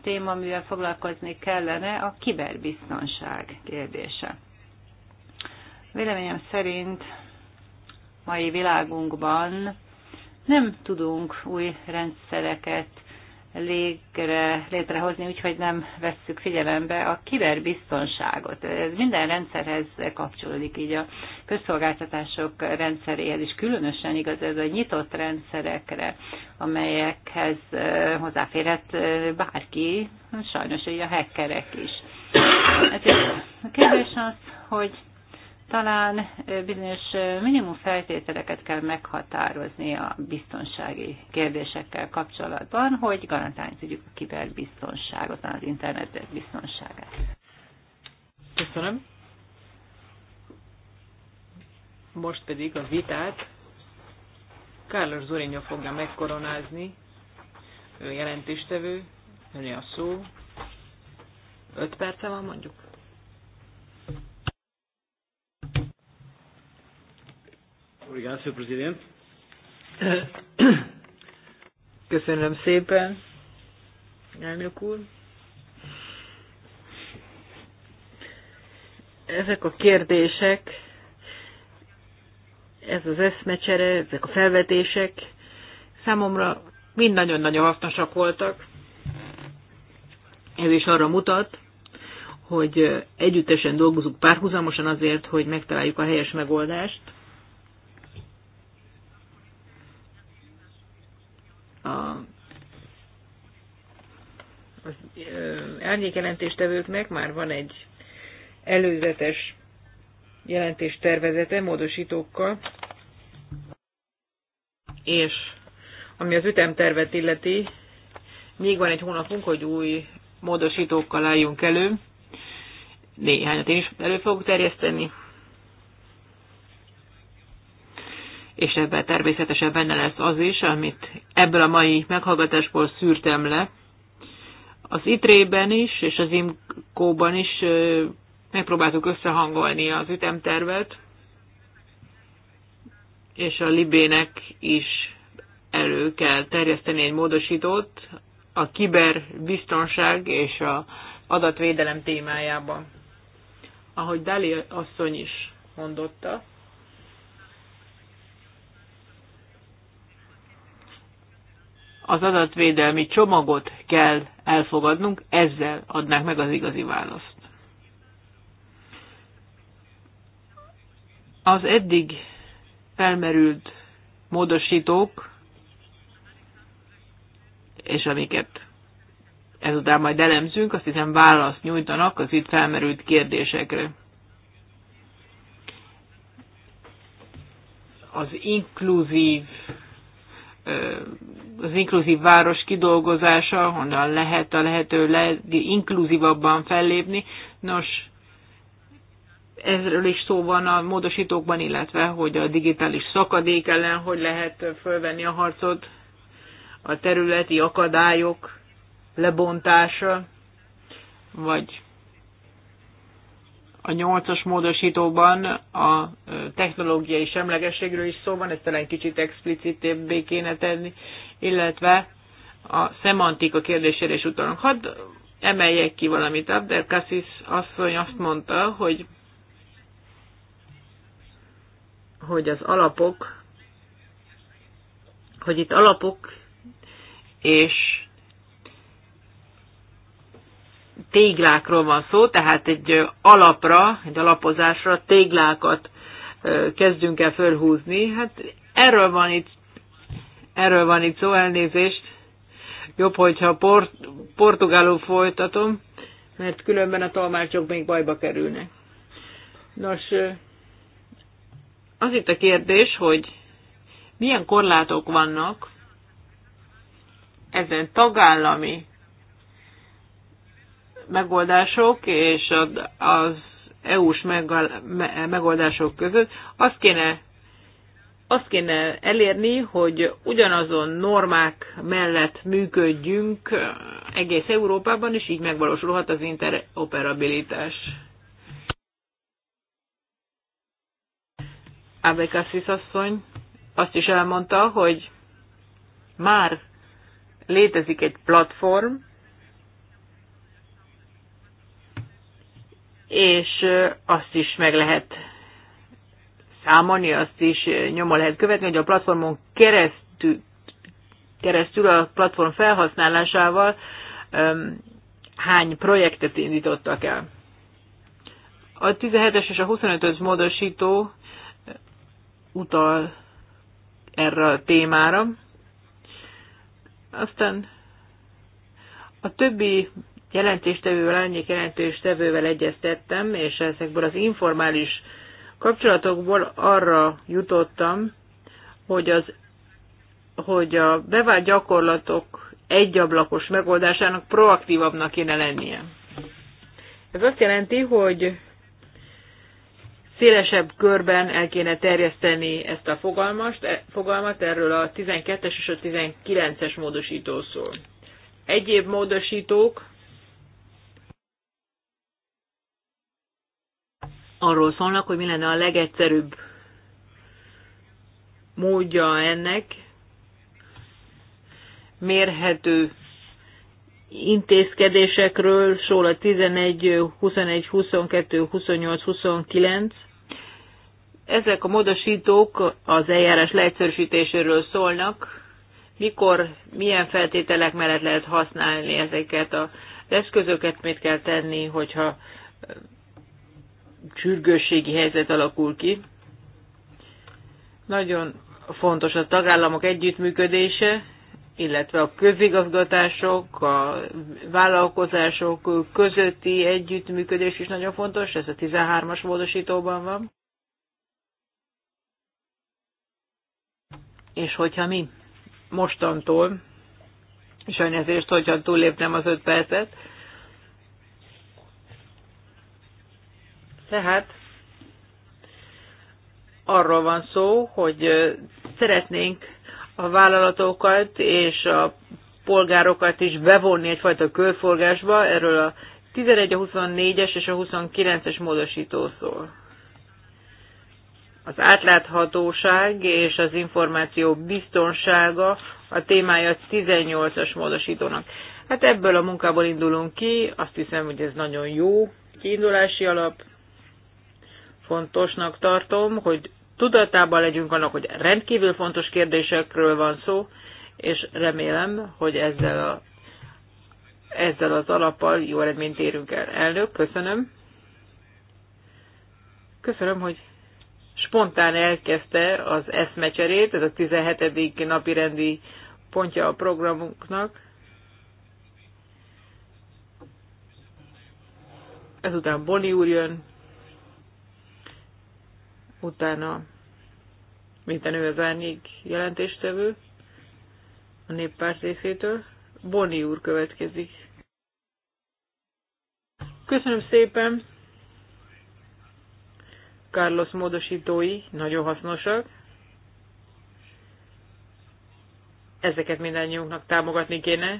téma, amivel foglalkozni kellene, a kiberbiztonság kérdése. Véleményem szerint mai világunkban nem tudunk új rendszereket légre, létrehozni, úgyhogy nem vesszük figyelembe a kiberbiztonságot. Ez minden rendszerhez kapcsolódik, így a közszolgáltatások rendszeréhez is különösen igaz ez a nyitott rendszerekre, amelyekhez hozzáférhet bárki, sajnos így a hackerek is. Ezért hát a kérdés az, hogy talán bizonyos minimum feltételeket kell meghatározni a biztonsági kérdésekkel kapcsolatban, hogy garantálni tudjuk a kiberbiztonságot, az internet biztonságát. Köszönöm. Most pedig a vitát Carlos Zorinja fogja megkoronázni, ő jelentéstevő, öné a szó. Öt perce van mondjuk? Obrigado, Sr. Presidente. Köszönöm szépen, elnök úr. Ezek a kérdések, ez az eszmecsere, ezek a felvetések számomra mind nagyon-nagyon hasznosak voltak. Ez is arra mutat, hogy együttesen dolgozunk párhuzamosan azért, hogy megtaláljuk a helyes megoldást. a az árnyékjelentéstevőknek már van egy előzetes jelentéstervezete módosítókkal, és ami az ütemtervet illeti, még van egy hónapunk, hogy új módosítókkal álljunk elő. Néhányat én is elő fogok terjeszteni. és ebben természetesen benne lesz az is, amit ebből a mai meghallgatásból szűrtem le. Az ITRE-ben is, és az IMCO-ban is megpróbáltuk összehangolni az ütemtervet, és a Libének is elő kell terjeszteni egy módosítót a kiberbiztonság és a adatvédelem témájában. Ahogy Dali asszony is mondotta, az adatvédelmi csomagot kell elfogadnunk, ezzel adnák meg az igazi választ. Az eddig felmerült módosítók, és amiket ezután majd elemzünk, azt hiszem választ nyújtanak az itt felmerült kérdésekre. Az inkluzív az inkluzív város kidolgozása, honnan lehet a lehető leginkluzívabban fellépni. Nos, ezről is szó van a módosítókban, illetve hogy a digitális szakadék ellen hogy lehet fölvenni a harcot, a területi akadályok lebontása, vagy a nyolcas módosítóban a technológiai semlegességről is szó van, ezt talán kicsit explicitébbé kéne tenni, illetve a szemantika kérdésére is utalunk. Hadd emeljek ki valamit. Abder Kassis asszony azt mondta, hogy hogy az alapok, hogy itt alapok és téglákról van szó, tehát egy alapra, egy alapozásra téglákat kezdünk el fölhúzni. Hát erről van itt, erről van itt szó, elnézést. Jobb, hogyha port, portugálul folytatom, mert különben a tolmácsok még bajba kerülnek. Nos, az itt a kérdés, hogy milyen korlátok vannak ezen tagállami megoldások és az EU-s megoldások között azt kéne, azt kéne elérni, hogy ugyanazon normák mellett működjünk egész Európában, és így megvalósulhat az interoperabilitás. Abekassis asszony azt is elmondta, hogy már létezik egy platform, és azt is meg lehet számolni, azt is nyomon lehet követni, hogy a platformon keresztül, keresztül a platform felhasználásával hány projektet indítottak el. A 17-es és a 25-ös módosító utal erre a témára. Aztán a többi jelentéstevővel, árnyék jelentéstevővel egyeztettem, és ezekből az informális kapcsolatokból arra jutottam, hogy, az, hogy a bevált gyakorlatok egyablakos megoldásának proaktívabbnak kéne lennie. Ez azt jelenti, hogy szélesebb körben el kéne terjeszteni ezt a fogalmast, e, fogalmat, erről a 12-es és a 19-es módosító szól. Egyéb módosítók arról szólnak, hogy mi lenne a legegyszerűbb módja ennek, mérhető intézkedésekről szól a 11, 21, 22, 28, 29. Ezek a módosítók az eljárás leegyszerűsítéséről szólnak, mikor, milyen feltételek mellett lehet használni ezeket az eszközöket, mit kell tenni, hogyha sürgősségi helyzet alakul ki. Nagyon fontos a tagállamok együttműködése, illetve a közigazgatások, a vállalkozások közötti együttműködés is nagyon fontos, ez a 13-as módosítóban van. És hogyha mi mostantól, és elnézést, hogyha túlléptem az öt percet, Tehát arról van szó, hogy szeretnénk a vállalatokat és a polgárokat is bevonni egyfajta körforgásba, erről a 11, a 24-es és a 29-es módosító szól. Az átláthatóság és az információ biztonsága a témája 18-as módosítónak. Hát ebből a munkából indulunk ki, azt hiszem, hogy ez nagyon jó kiindulási alap fontosnak tartom, hogy tudatában legyünk annak, hogy rendkívül fontos kérdésekről van szó, és remélem, hogy ezzel, a, ezzel az alappal jó eredményt érünk el. Elnök, köszönöm. Köszönöm, hogy spontán elkezdte az eszmecserét, ez a 17. napi rendi pontja a programunknak. Ezután Boni úr jön, utána minden ő az árnyék jelentéstevő a néppárt részétől. Boni úr következik. Köszönöm szépen! Carlos módosítói nagyon hasznosak. Ezeket mindannyiunknak támogatni kéne.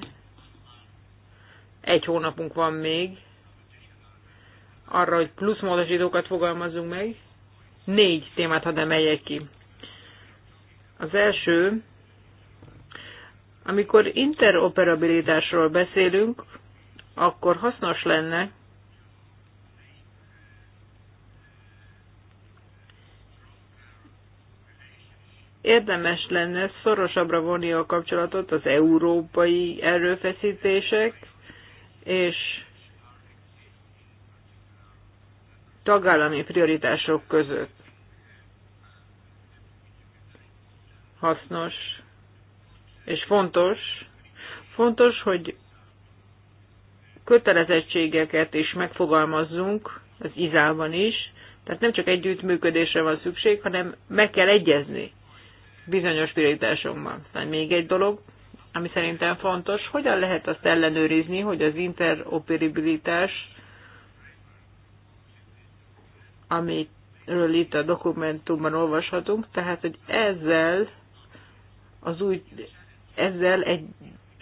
Egy hónapunk van még arra, hogy plusz módosítókat fogalmazzunk meg. Négy témát hadd emeljek ki. Az első, amikor interoperabilitásról beszélünk, akkor hasznos lenne érdemes lenne szorosabbra vonni a kapcsolatot az európai erőfeszítések és tagállami prioritások között. Hasznos és fontos, fontos, hogy kötelezettségeket is megfogalmazzunk az izában is, tehát nem csak együttműködésre van szükség, hanem meg kell egyezni bizonyos prioritásokban. Tehát még egy dolog, ami szerintem fontos, hogyan lehet azt ellenőrizni, hogy az interoperabilitás amiről itt a dokumentumban olvashatunk, tehát hogy ezzel az új, ezzel egy,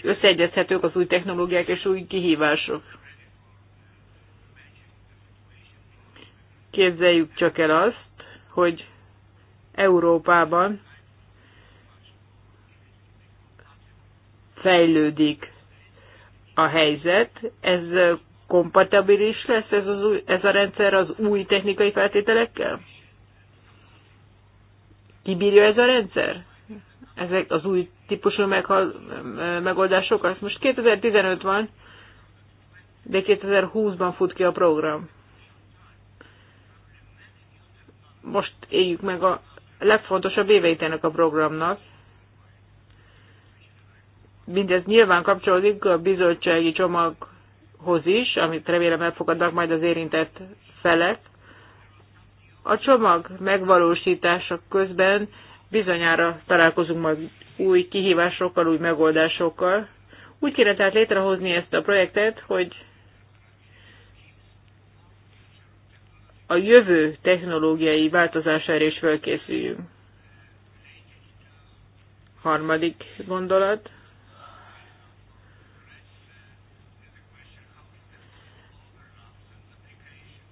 összeegyezhetők az új technológiák és új kihívások. Képzeljük csak el azt, hogy Európában fejlődik a helyzet, ez kompatibilis lesz ez, az új, ez a rendszer az új technikai feltételekkel? Kibírja ez a rendszer? Ezek az új típusú meghal, megoldások? Most 2015 van, de 2020-ban fut ki a program. Most éljük meg a legfontosabb éveit ennek a programnak. Mindez nyilván kapcsolódik a bizottsági csomag hoz is, amit remélem elfogadnak majd az érintett felek. A csomag megvalósítása közben bizonyára találkozunk majd új kihívásokkal, új megoldásokkal. Úgy kéne tehát létrehozni ezt a projektet, hogy a jövő technológiai változására is felkészüljünk. Harmadik gondolat.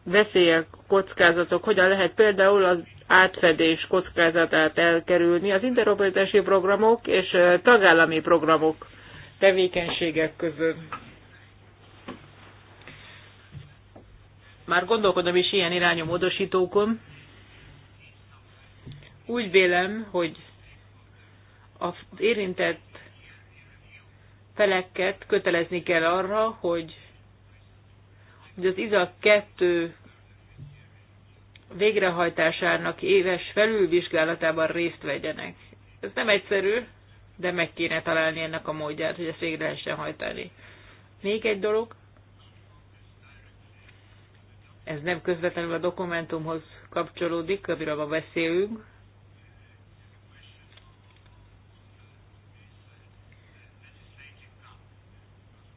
veszélyek, kockázatok, hogyan lehet például az átfedés kockázatát elkerülni az interoperatási programok és tagállami programok tevékenységek között. Már gondolkodom is ilyen irányú módosítókon. Úgy vélem, hogy az érintett feleket kötelezni kell arra, hogy, hogy az IZA 2 végrehajtásának éves felülvizsgálatában részt vegyenek. Ez nem egyszerű, de meg kéne találni ennek a módját, hogy ezt végre lehessen hajtani. Még egy dolog, ez nem közvetlenül a dokumentumhoz kapcsolódik, amiről ma beszélünk.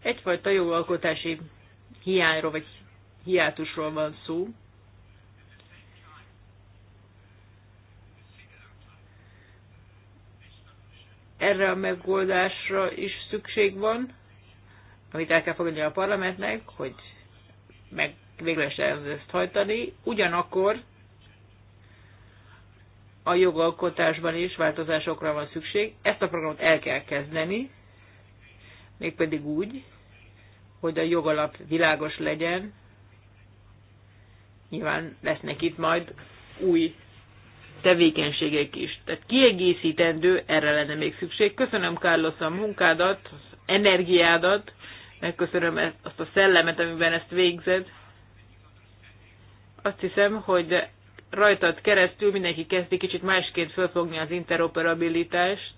Egyfajta jogalkotási hiányról vagy hiátusról van szó. erre a megoldásra is szükség van, amit el kell fogadni a parlamentnek, hogy meg véglegesen ezt hajtani. Ugyanakkor a jogalkotásban is változásokra van szükség. Ezt a programot el kell kezdeni, mégpedig úgy, hogy a jogalap világos legyen. Nyilván lesznek itt majd új tevékenységek is. Tehát kiegészítendő, erre lenne még szükség. Köszönöm, Carlos, a munkádat, az energiádat, megköszönöm ezt, azt a szellemet, amiben ezt végzed. Azt hiszem, hogy rajtad keresztül mindenki kezdi kicsit másként fölfogni az interoperabilitást,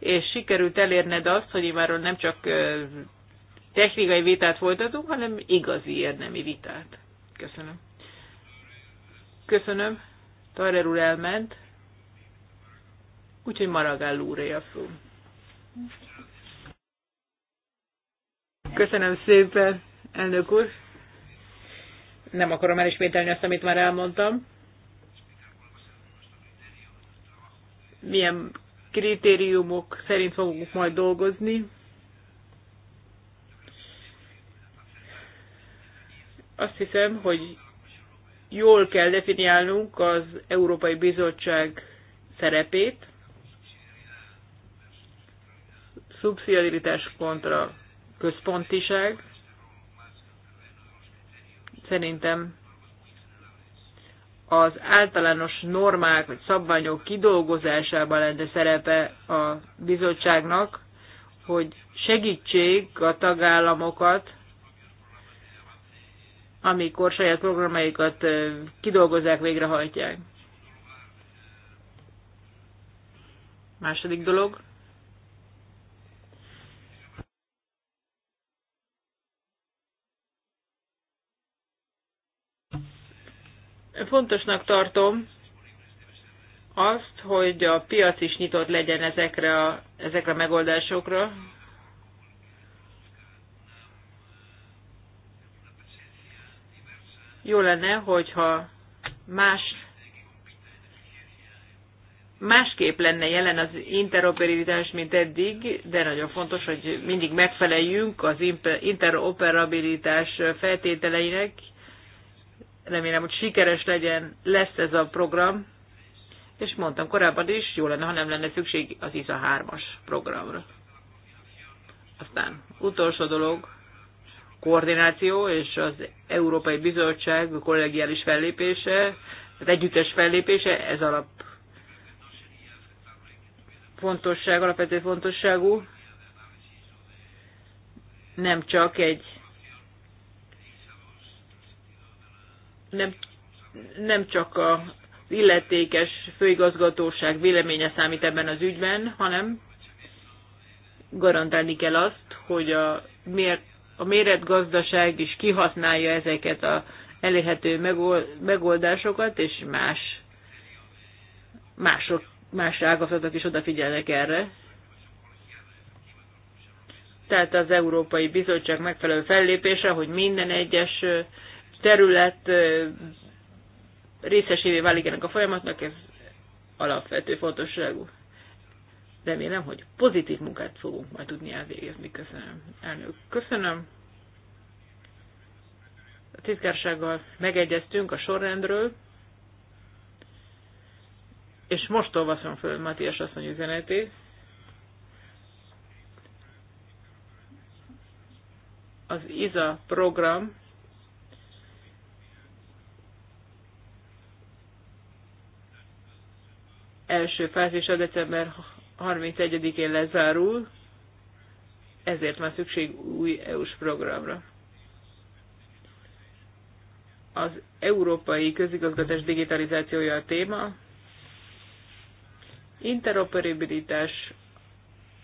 és sikerült elérned azt, hogy már nem csak technikai vitát folytatunk, hanem igazi érdemi vitát. Köszönöm. Köszönöm. Tarer úr elment, úgyhogy maragál úré a szó. Köszönöm szépen, elnök úr. Nem akarom elismételni azt, amit már elmondtam. Milyen kritériumok szerint fogunk majd dolgozni. Azt hiszem, hogy jól kell definiálnunk az Európai Bizottság szerepét, szubszidiaritás kontra központiság. Szerintem az általános normák vagy szabványok kidolgozásában lenne szerepe a bizottságnak, hogy segítsék a tagállamokat amikor saját programjaikat kidolgozzák, végrehajtják. Második dolog. Fontosnak tartom azt, hogy a piac is nyitott legyen ezekre a, ezekre a megoldásokra, Jó lenne, hogyha más másképp lenne jelen az interoperabilitás, mint eddig, de nagyon fontos, hogy mindig megfeleljünk az interoperabilitás feltételeinek. Remélem, hogy sikeres legyen, lesz ez a program, és mondtam korábban is, jó lenne, ha nem lenne szükség az ISA 3-as programra. Aztán utolsó dolog, koordináció és az Európai Bizottság kollegiális fellépése, az együttes fellépése, ez alap fontosság, alapvető fontosságú, nem csak egy nem, nem csak a illetékes főigazgatóság véleménye számít ebben az ügyben, hanem garantálni kell azt, hogy a miért a méretgazdaság is kihasználja ezeket a elérhető megoldásokat, és más, mások, más ágazatok is odafigyelnek erre. Tehát az Európai Bizottság megfelelő fellépése, hogy minden egyes terület részesévé válik ennek a folyamatnak, ez alapvető fontosságú remélem, hogy pozitív munkát fogunk majd tudni elvégezni. Köszönöm, elnök. Köszönöm. A titkársággal megegyeztünk a sorrendről, és most olvasom föl Matias asszony üzenetét. Az IZA program első fázisa december 31-én lezárul, ezért van szükség új EU-s programra. Az európai közigazgatás digitalizációja a téma, interoperabilitás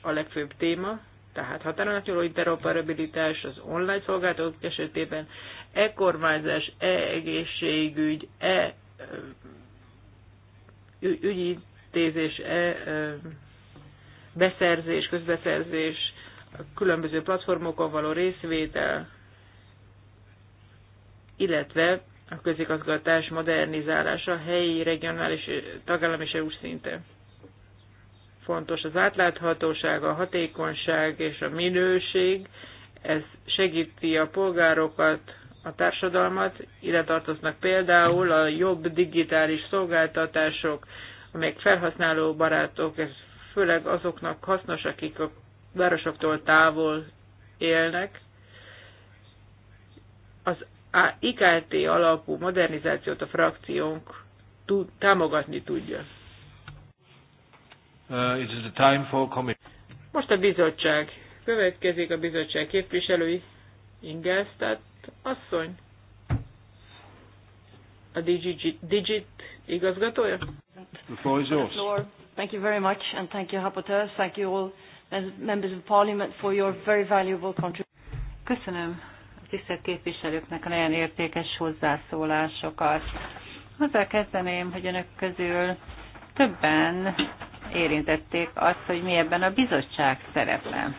a legfőbb téma, tehát határon átnyúló interoperabilitás az online szolgáltatók esetében, e-kormányzás, e-egészségügy, e-ügyintézés, e beszerzés, közbeszerzés, a különböző platformokon való részvétel, illetve a közigazgatás modernizálása helyi, regionális, tagállami és EU szinten. Fontos az átláthatóság, a hatékonyság és a minőség, ez segíti a polgárokat, a társadalmat, ide tartoznak például a jobb digitális szolgáltatások, amelyek felhasználó barátok, ez főleg azoknak hasznos, akik a városoktól távol élnek. Az IKT alapú modernizációt a frakciónk tud, támogatni tudja. Uh, it is the time for Most a bizottság. Következik a bizottság képviselői. tehát asszony. A Digit, Digit igazgatója? The floor is yours. Thank you very much, and thank you, rapporteur. Thank you all members of parliament for your very valuable contribution. Köszönöm tisztelt képviselőknek a nagyon értékes hozzászólásokat. Hozzá kezdeném, hogy önök közül többen érintették azt, hogy mi ebben a bizottság szerepe.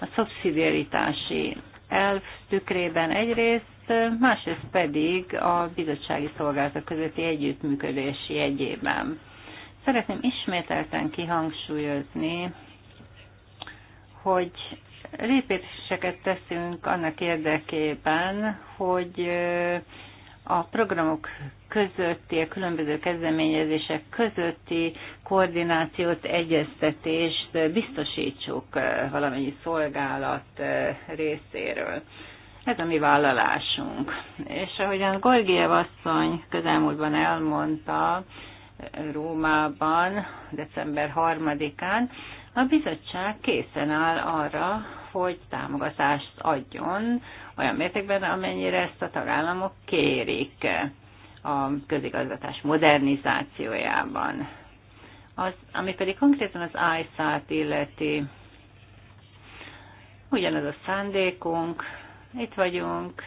A szubszidiaritási elv tükrében egyrészt, másrészt pedig a bizottsági szolgálatok közötti együttműködési egyében. Szeretném ismételten kihangsúlyozni, hogy lépéseket teszünk annak érdekében, hogy a programok közötti, a különböző kezdeményezések közötti koordinációt, egyeztetést biztosítsuk valamennyi szolgálat részéről. Ez a mi vállalásunk. És ahogyan Gorgiev asszony közelmúltban elmondta, Rómában december 3-án, a bizottság készen áll arra, hogy támogatást adjon olyan mértékben, amennyire ezt a tagállamok kérik a közigazgatás modernizációjában. Az, ami pedig konkrétan az isa illeti, ugyanaz a szándékunk, itt vagyunk,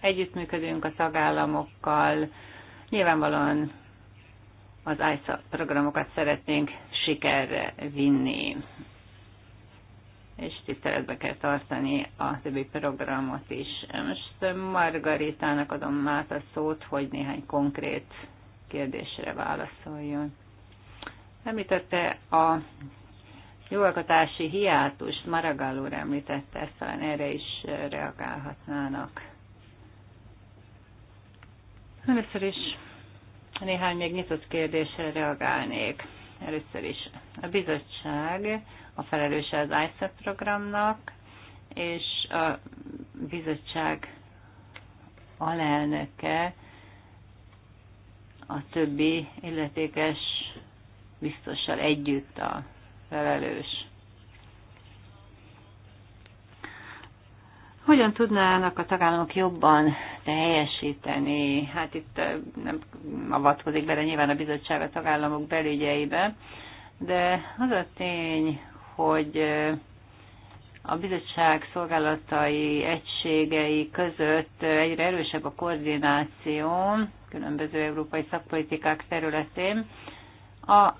együttműködünk a tagállamokkal, nyilvánvalóan az ISA programokat szeretnénk sikerre vinni, és tiszteletbe kell tartani a többi programot is. Most Margaritának adom át a szót, hogy néhány konkrét kérdésre válaszoljon. Említette a jogalkotási hiátust, Maragall úr említette, ezt talán erre is reagálhatnának. Először is néhány még nyitott kérdésre reagálnék. Először is a bizottság a felelőse az ISAP programnak, és a bizottság alelnöke a többi illetékes biztossal együtt a felelős. Hogyan tudnának a tagállamok jobban teljesíteni. Hát itt nem avatkozik bele nyilván a bizottság a tagállamok belügyeibe, de az a tény, hogy a bizottság szolgálatai egységei között egyre erősebb a koordináció különböző európai szakpolitikák területén. A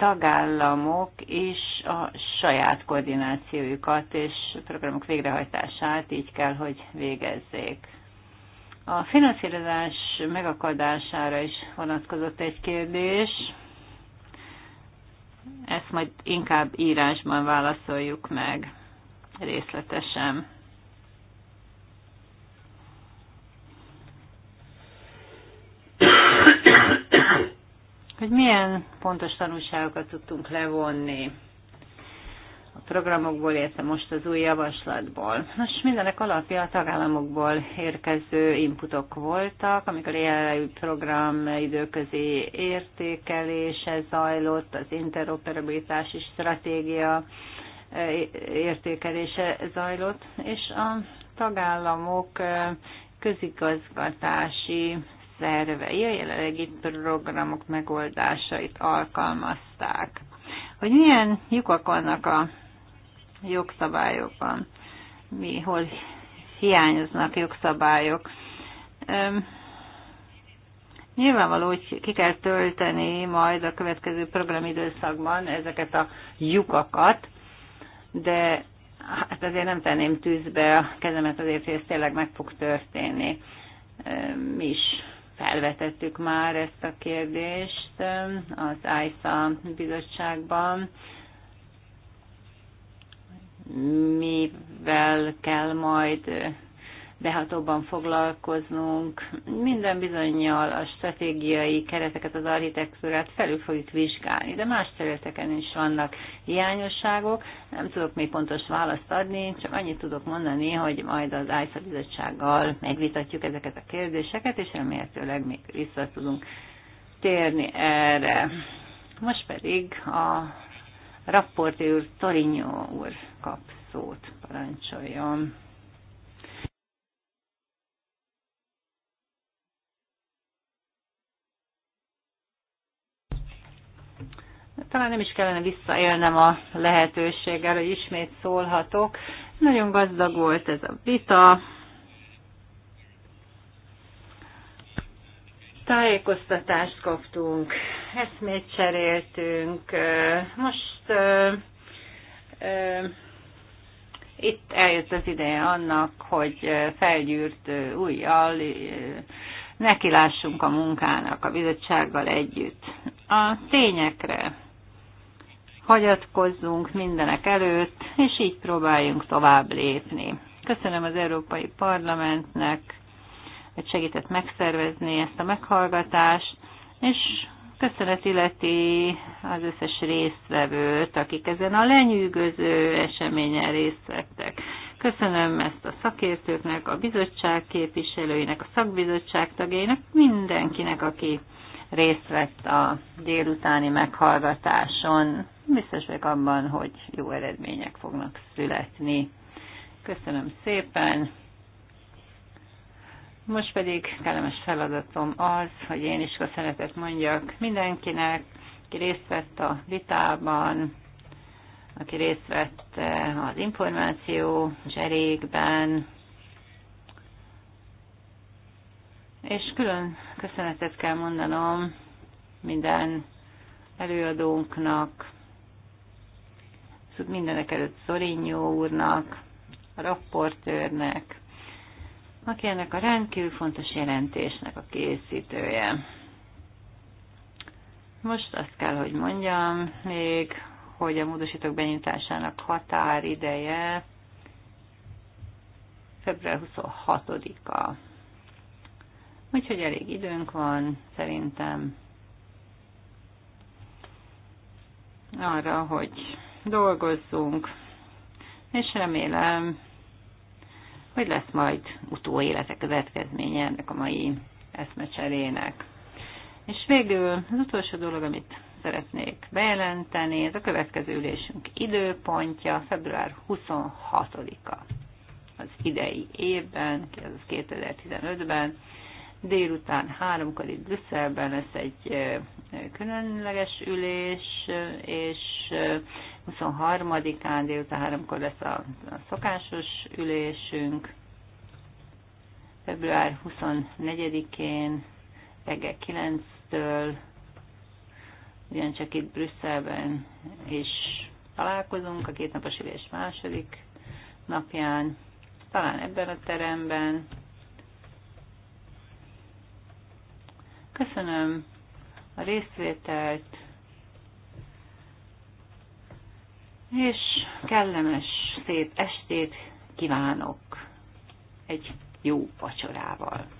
tagállamok is a saját koordinációjukat és programok végrehajtását így kell, hogy végezzék. A finanszírozás megakadására is vonatkozott egy kérdés. Ezt majd inkább írásban válaszoljuk meg részletesen. hogy milyen pontos tanulságokat tudtunk levonni a programokból, illetve most az új javaslatból. Most mindenek alapja a tagállamokból érkező inputok voltak, amikor a jelenlegi program időközi értékelése zajlott, az interoperabilitási stratégia e, értékelése zajlott, és a tagállamok e, közigazgatási szervei a jelenlegi programok megoldásait alkalmazták. Hogy milyen lyukak vannak a jogszabályokban, mi, hol hiányoznak jogszabályok. Nyilvánvaló, hogy ki kell tölteni majd a következő programidőszakban ezeket a lyukakat, de hát azért nem tenném tűzbe a kezemet azért, hogy ez tényleg meg fog történni. Mi is felvetettük már ezt a kérdést um, az ISA bizottságban, mivel kell majd behatóban foglalkoznunk. Minden bizonyal a stratégiai kereteket, az architektúrát felül fogjuk vizsgálni, de más területeken is vannak hiányosságok. Nem tudok még pontos választ adni, csak annyit tudok mondani, hogy majd az ISZA bizottsággal megvitatjuk ezeket a kérdéseket, és remélhetőleg még vissza tudunk térni erre. Most pedig a rapportőr Torinyó úr kap szót, parancsoljon. talán nem is kellene visszaélnem a lehetőséggel, hogy ismét szólhatok. Nagyon gazdag volt ez a vita. Tájékoztatást kaptunk, eszmét cseréltünk. Most itt eljött az ideje annak, hogy felgyűrt újjal nekilássunk a munkának a bizottsággal együtt. A tényekre hagyatkozzunk mindenek előtt, és így próbáljunk tovább lépni. Köszönöm az Európai Parlamentnek, hogy segített megszervezni ezt a meghallgatást, és köszönet illeti az összes résztvevőt, akik ezen a lenyűgöző eseményen részt vettek. Köszönöm ezt a szakértőknek, a bizottság képviselőinek, a szakbizottság tagjainak, mindenkinek, aki részt vett a délutáni meghallgatáson biztos vagyok abban, hogy jó eredmények fognak születni. Köszönöm szépen! Most pedig kellemes feladatom az, hogy én is köszönetet mondjak mindenkinek, aki részt vett a vitában, aki részt vett eh, az információ zserékben, és külön köszönetet kell mondanom minden előadónknak, mindenek előtt Szorinyó úrnak, a rapportőrnek, aki ennek a rendkívül fontos jelentésnek a készítője. Most azt kell, hogy mondjam még, hogy a módosítók benyitásának határideje február 26-a. Úgyhogy elég időnk van, szerintem arra, hogy dolgozzunk, és remélem, hogy lesz majd utóélete következménye ennek a mai eszmecserének. És végül az utolsó dolog, amit szeretnék bejelenteni, ez a következő ülésünk időpontja, február 26-a az idei évben, az 2015-ben, délután háromkor itt Brüsszelben lesz egy különleges ülés, és 23-án délután háromkor lesz a, szokásos ülésünk, február 24-én reggel 9-től ugyancsak itt Brüsszelben is találkozunk a kétnapos ülés második napján, talán ebben a teremben. Köszönöm a részvételt, és kellemes, szép estét kívánok egy jó vacsorával.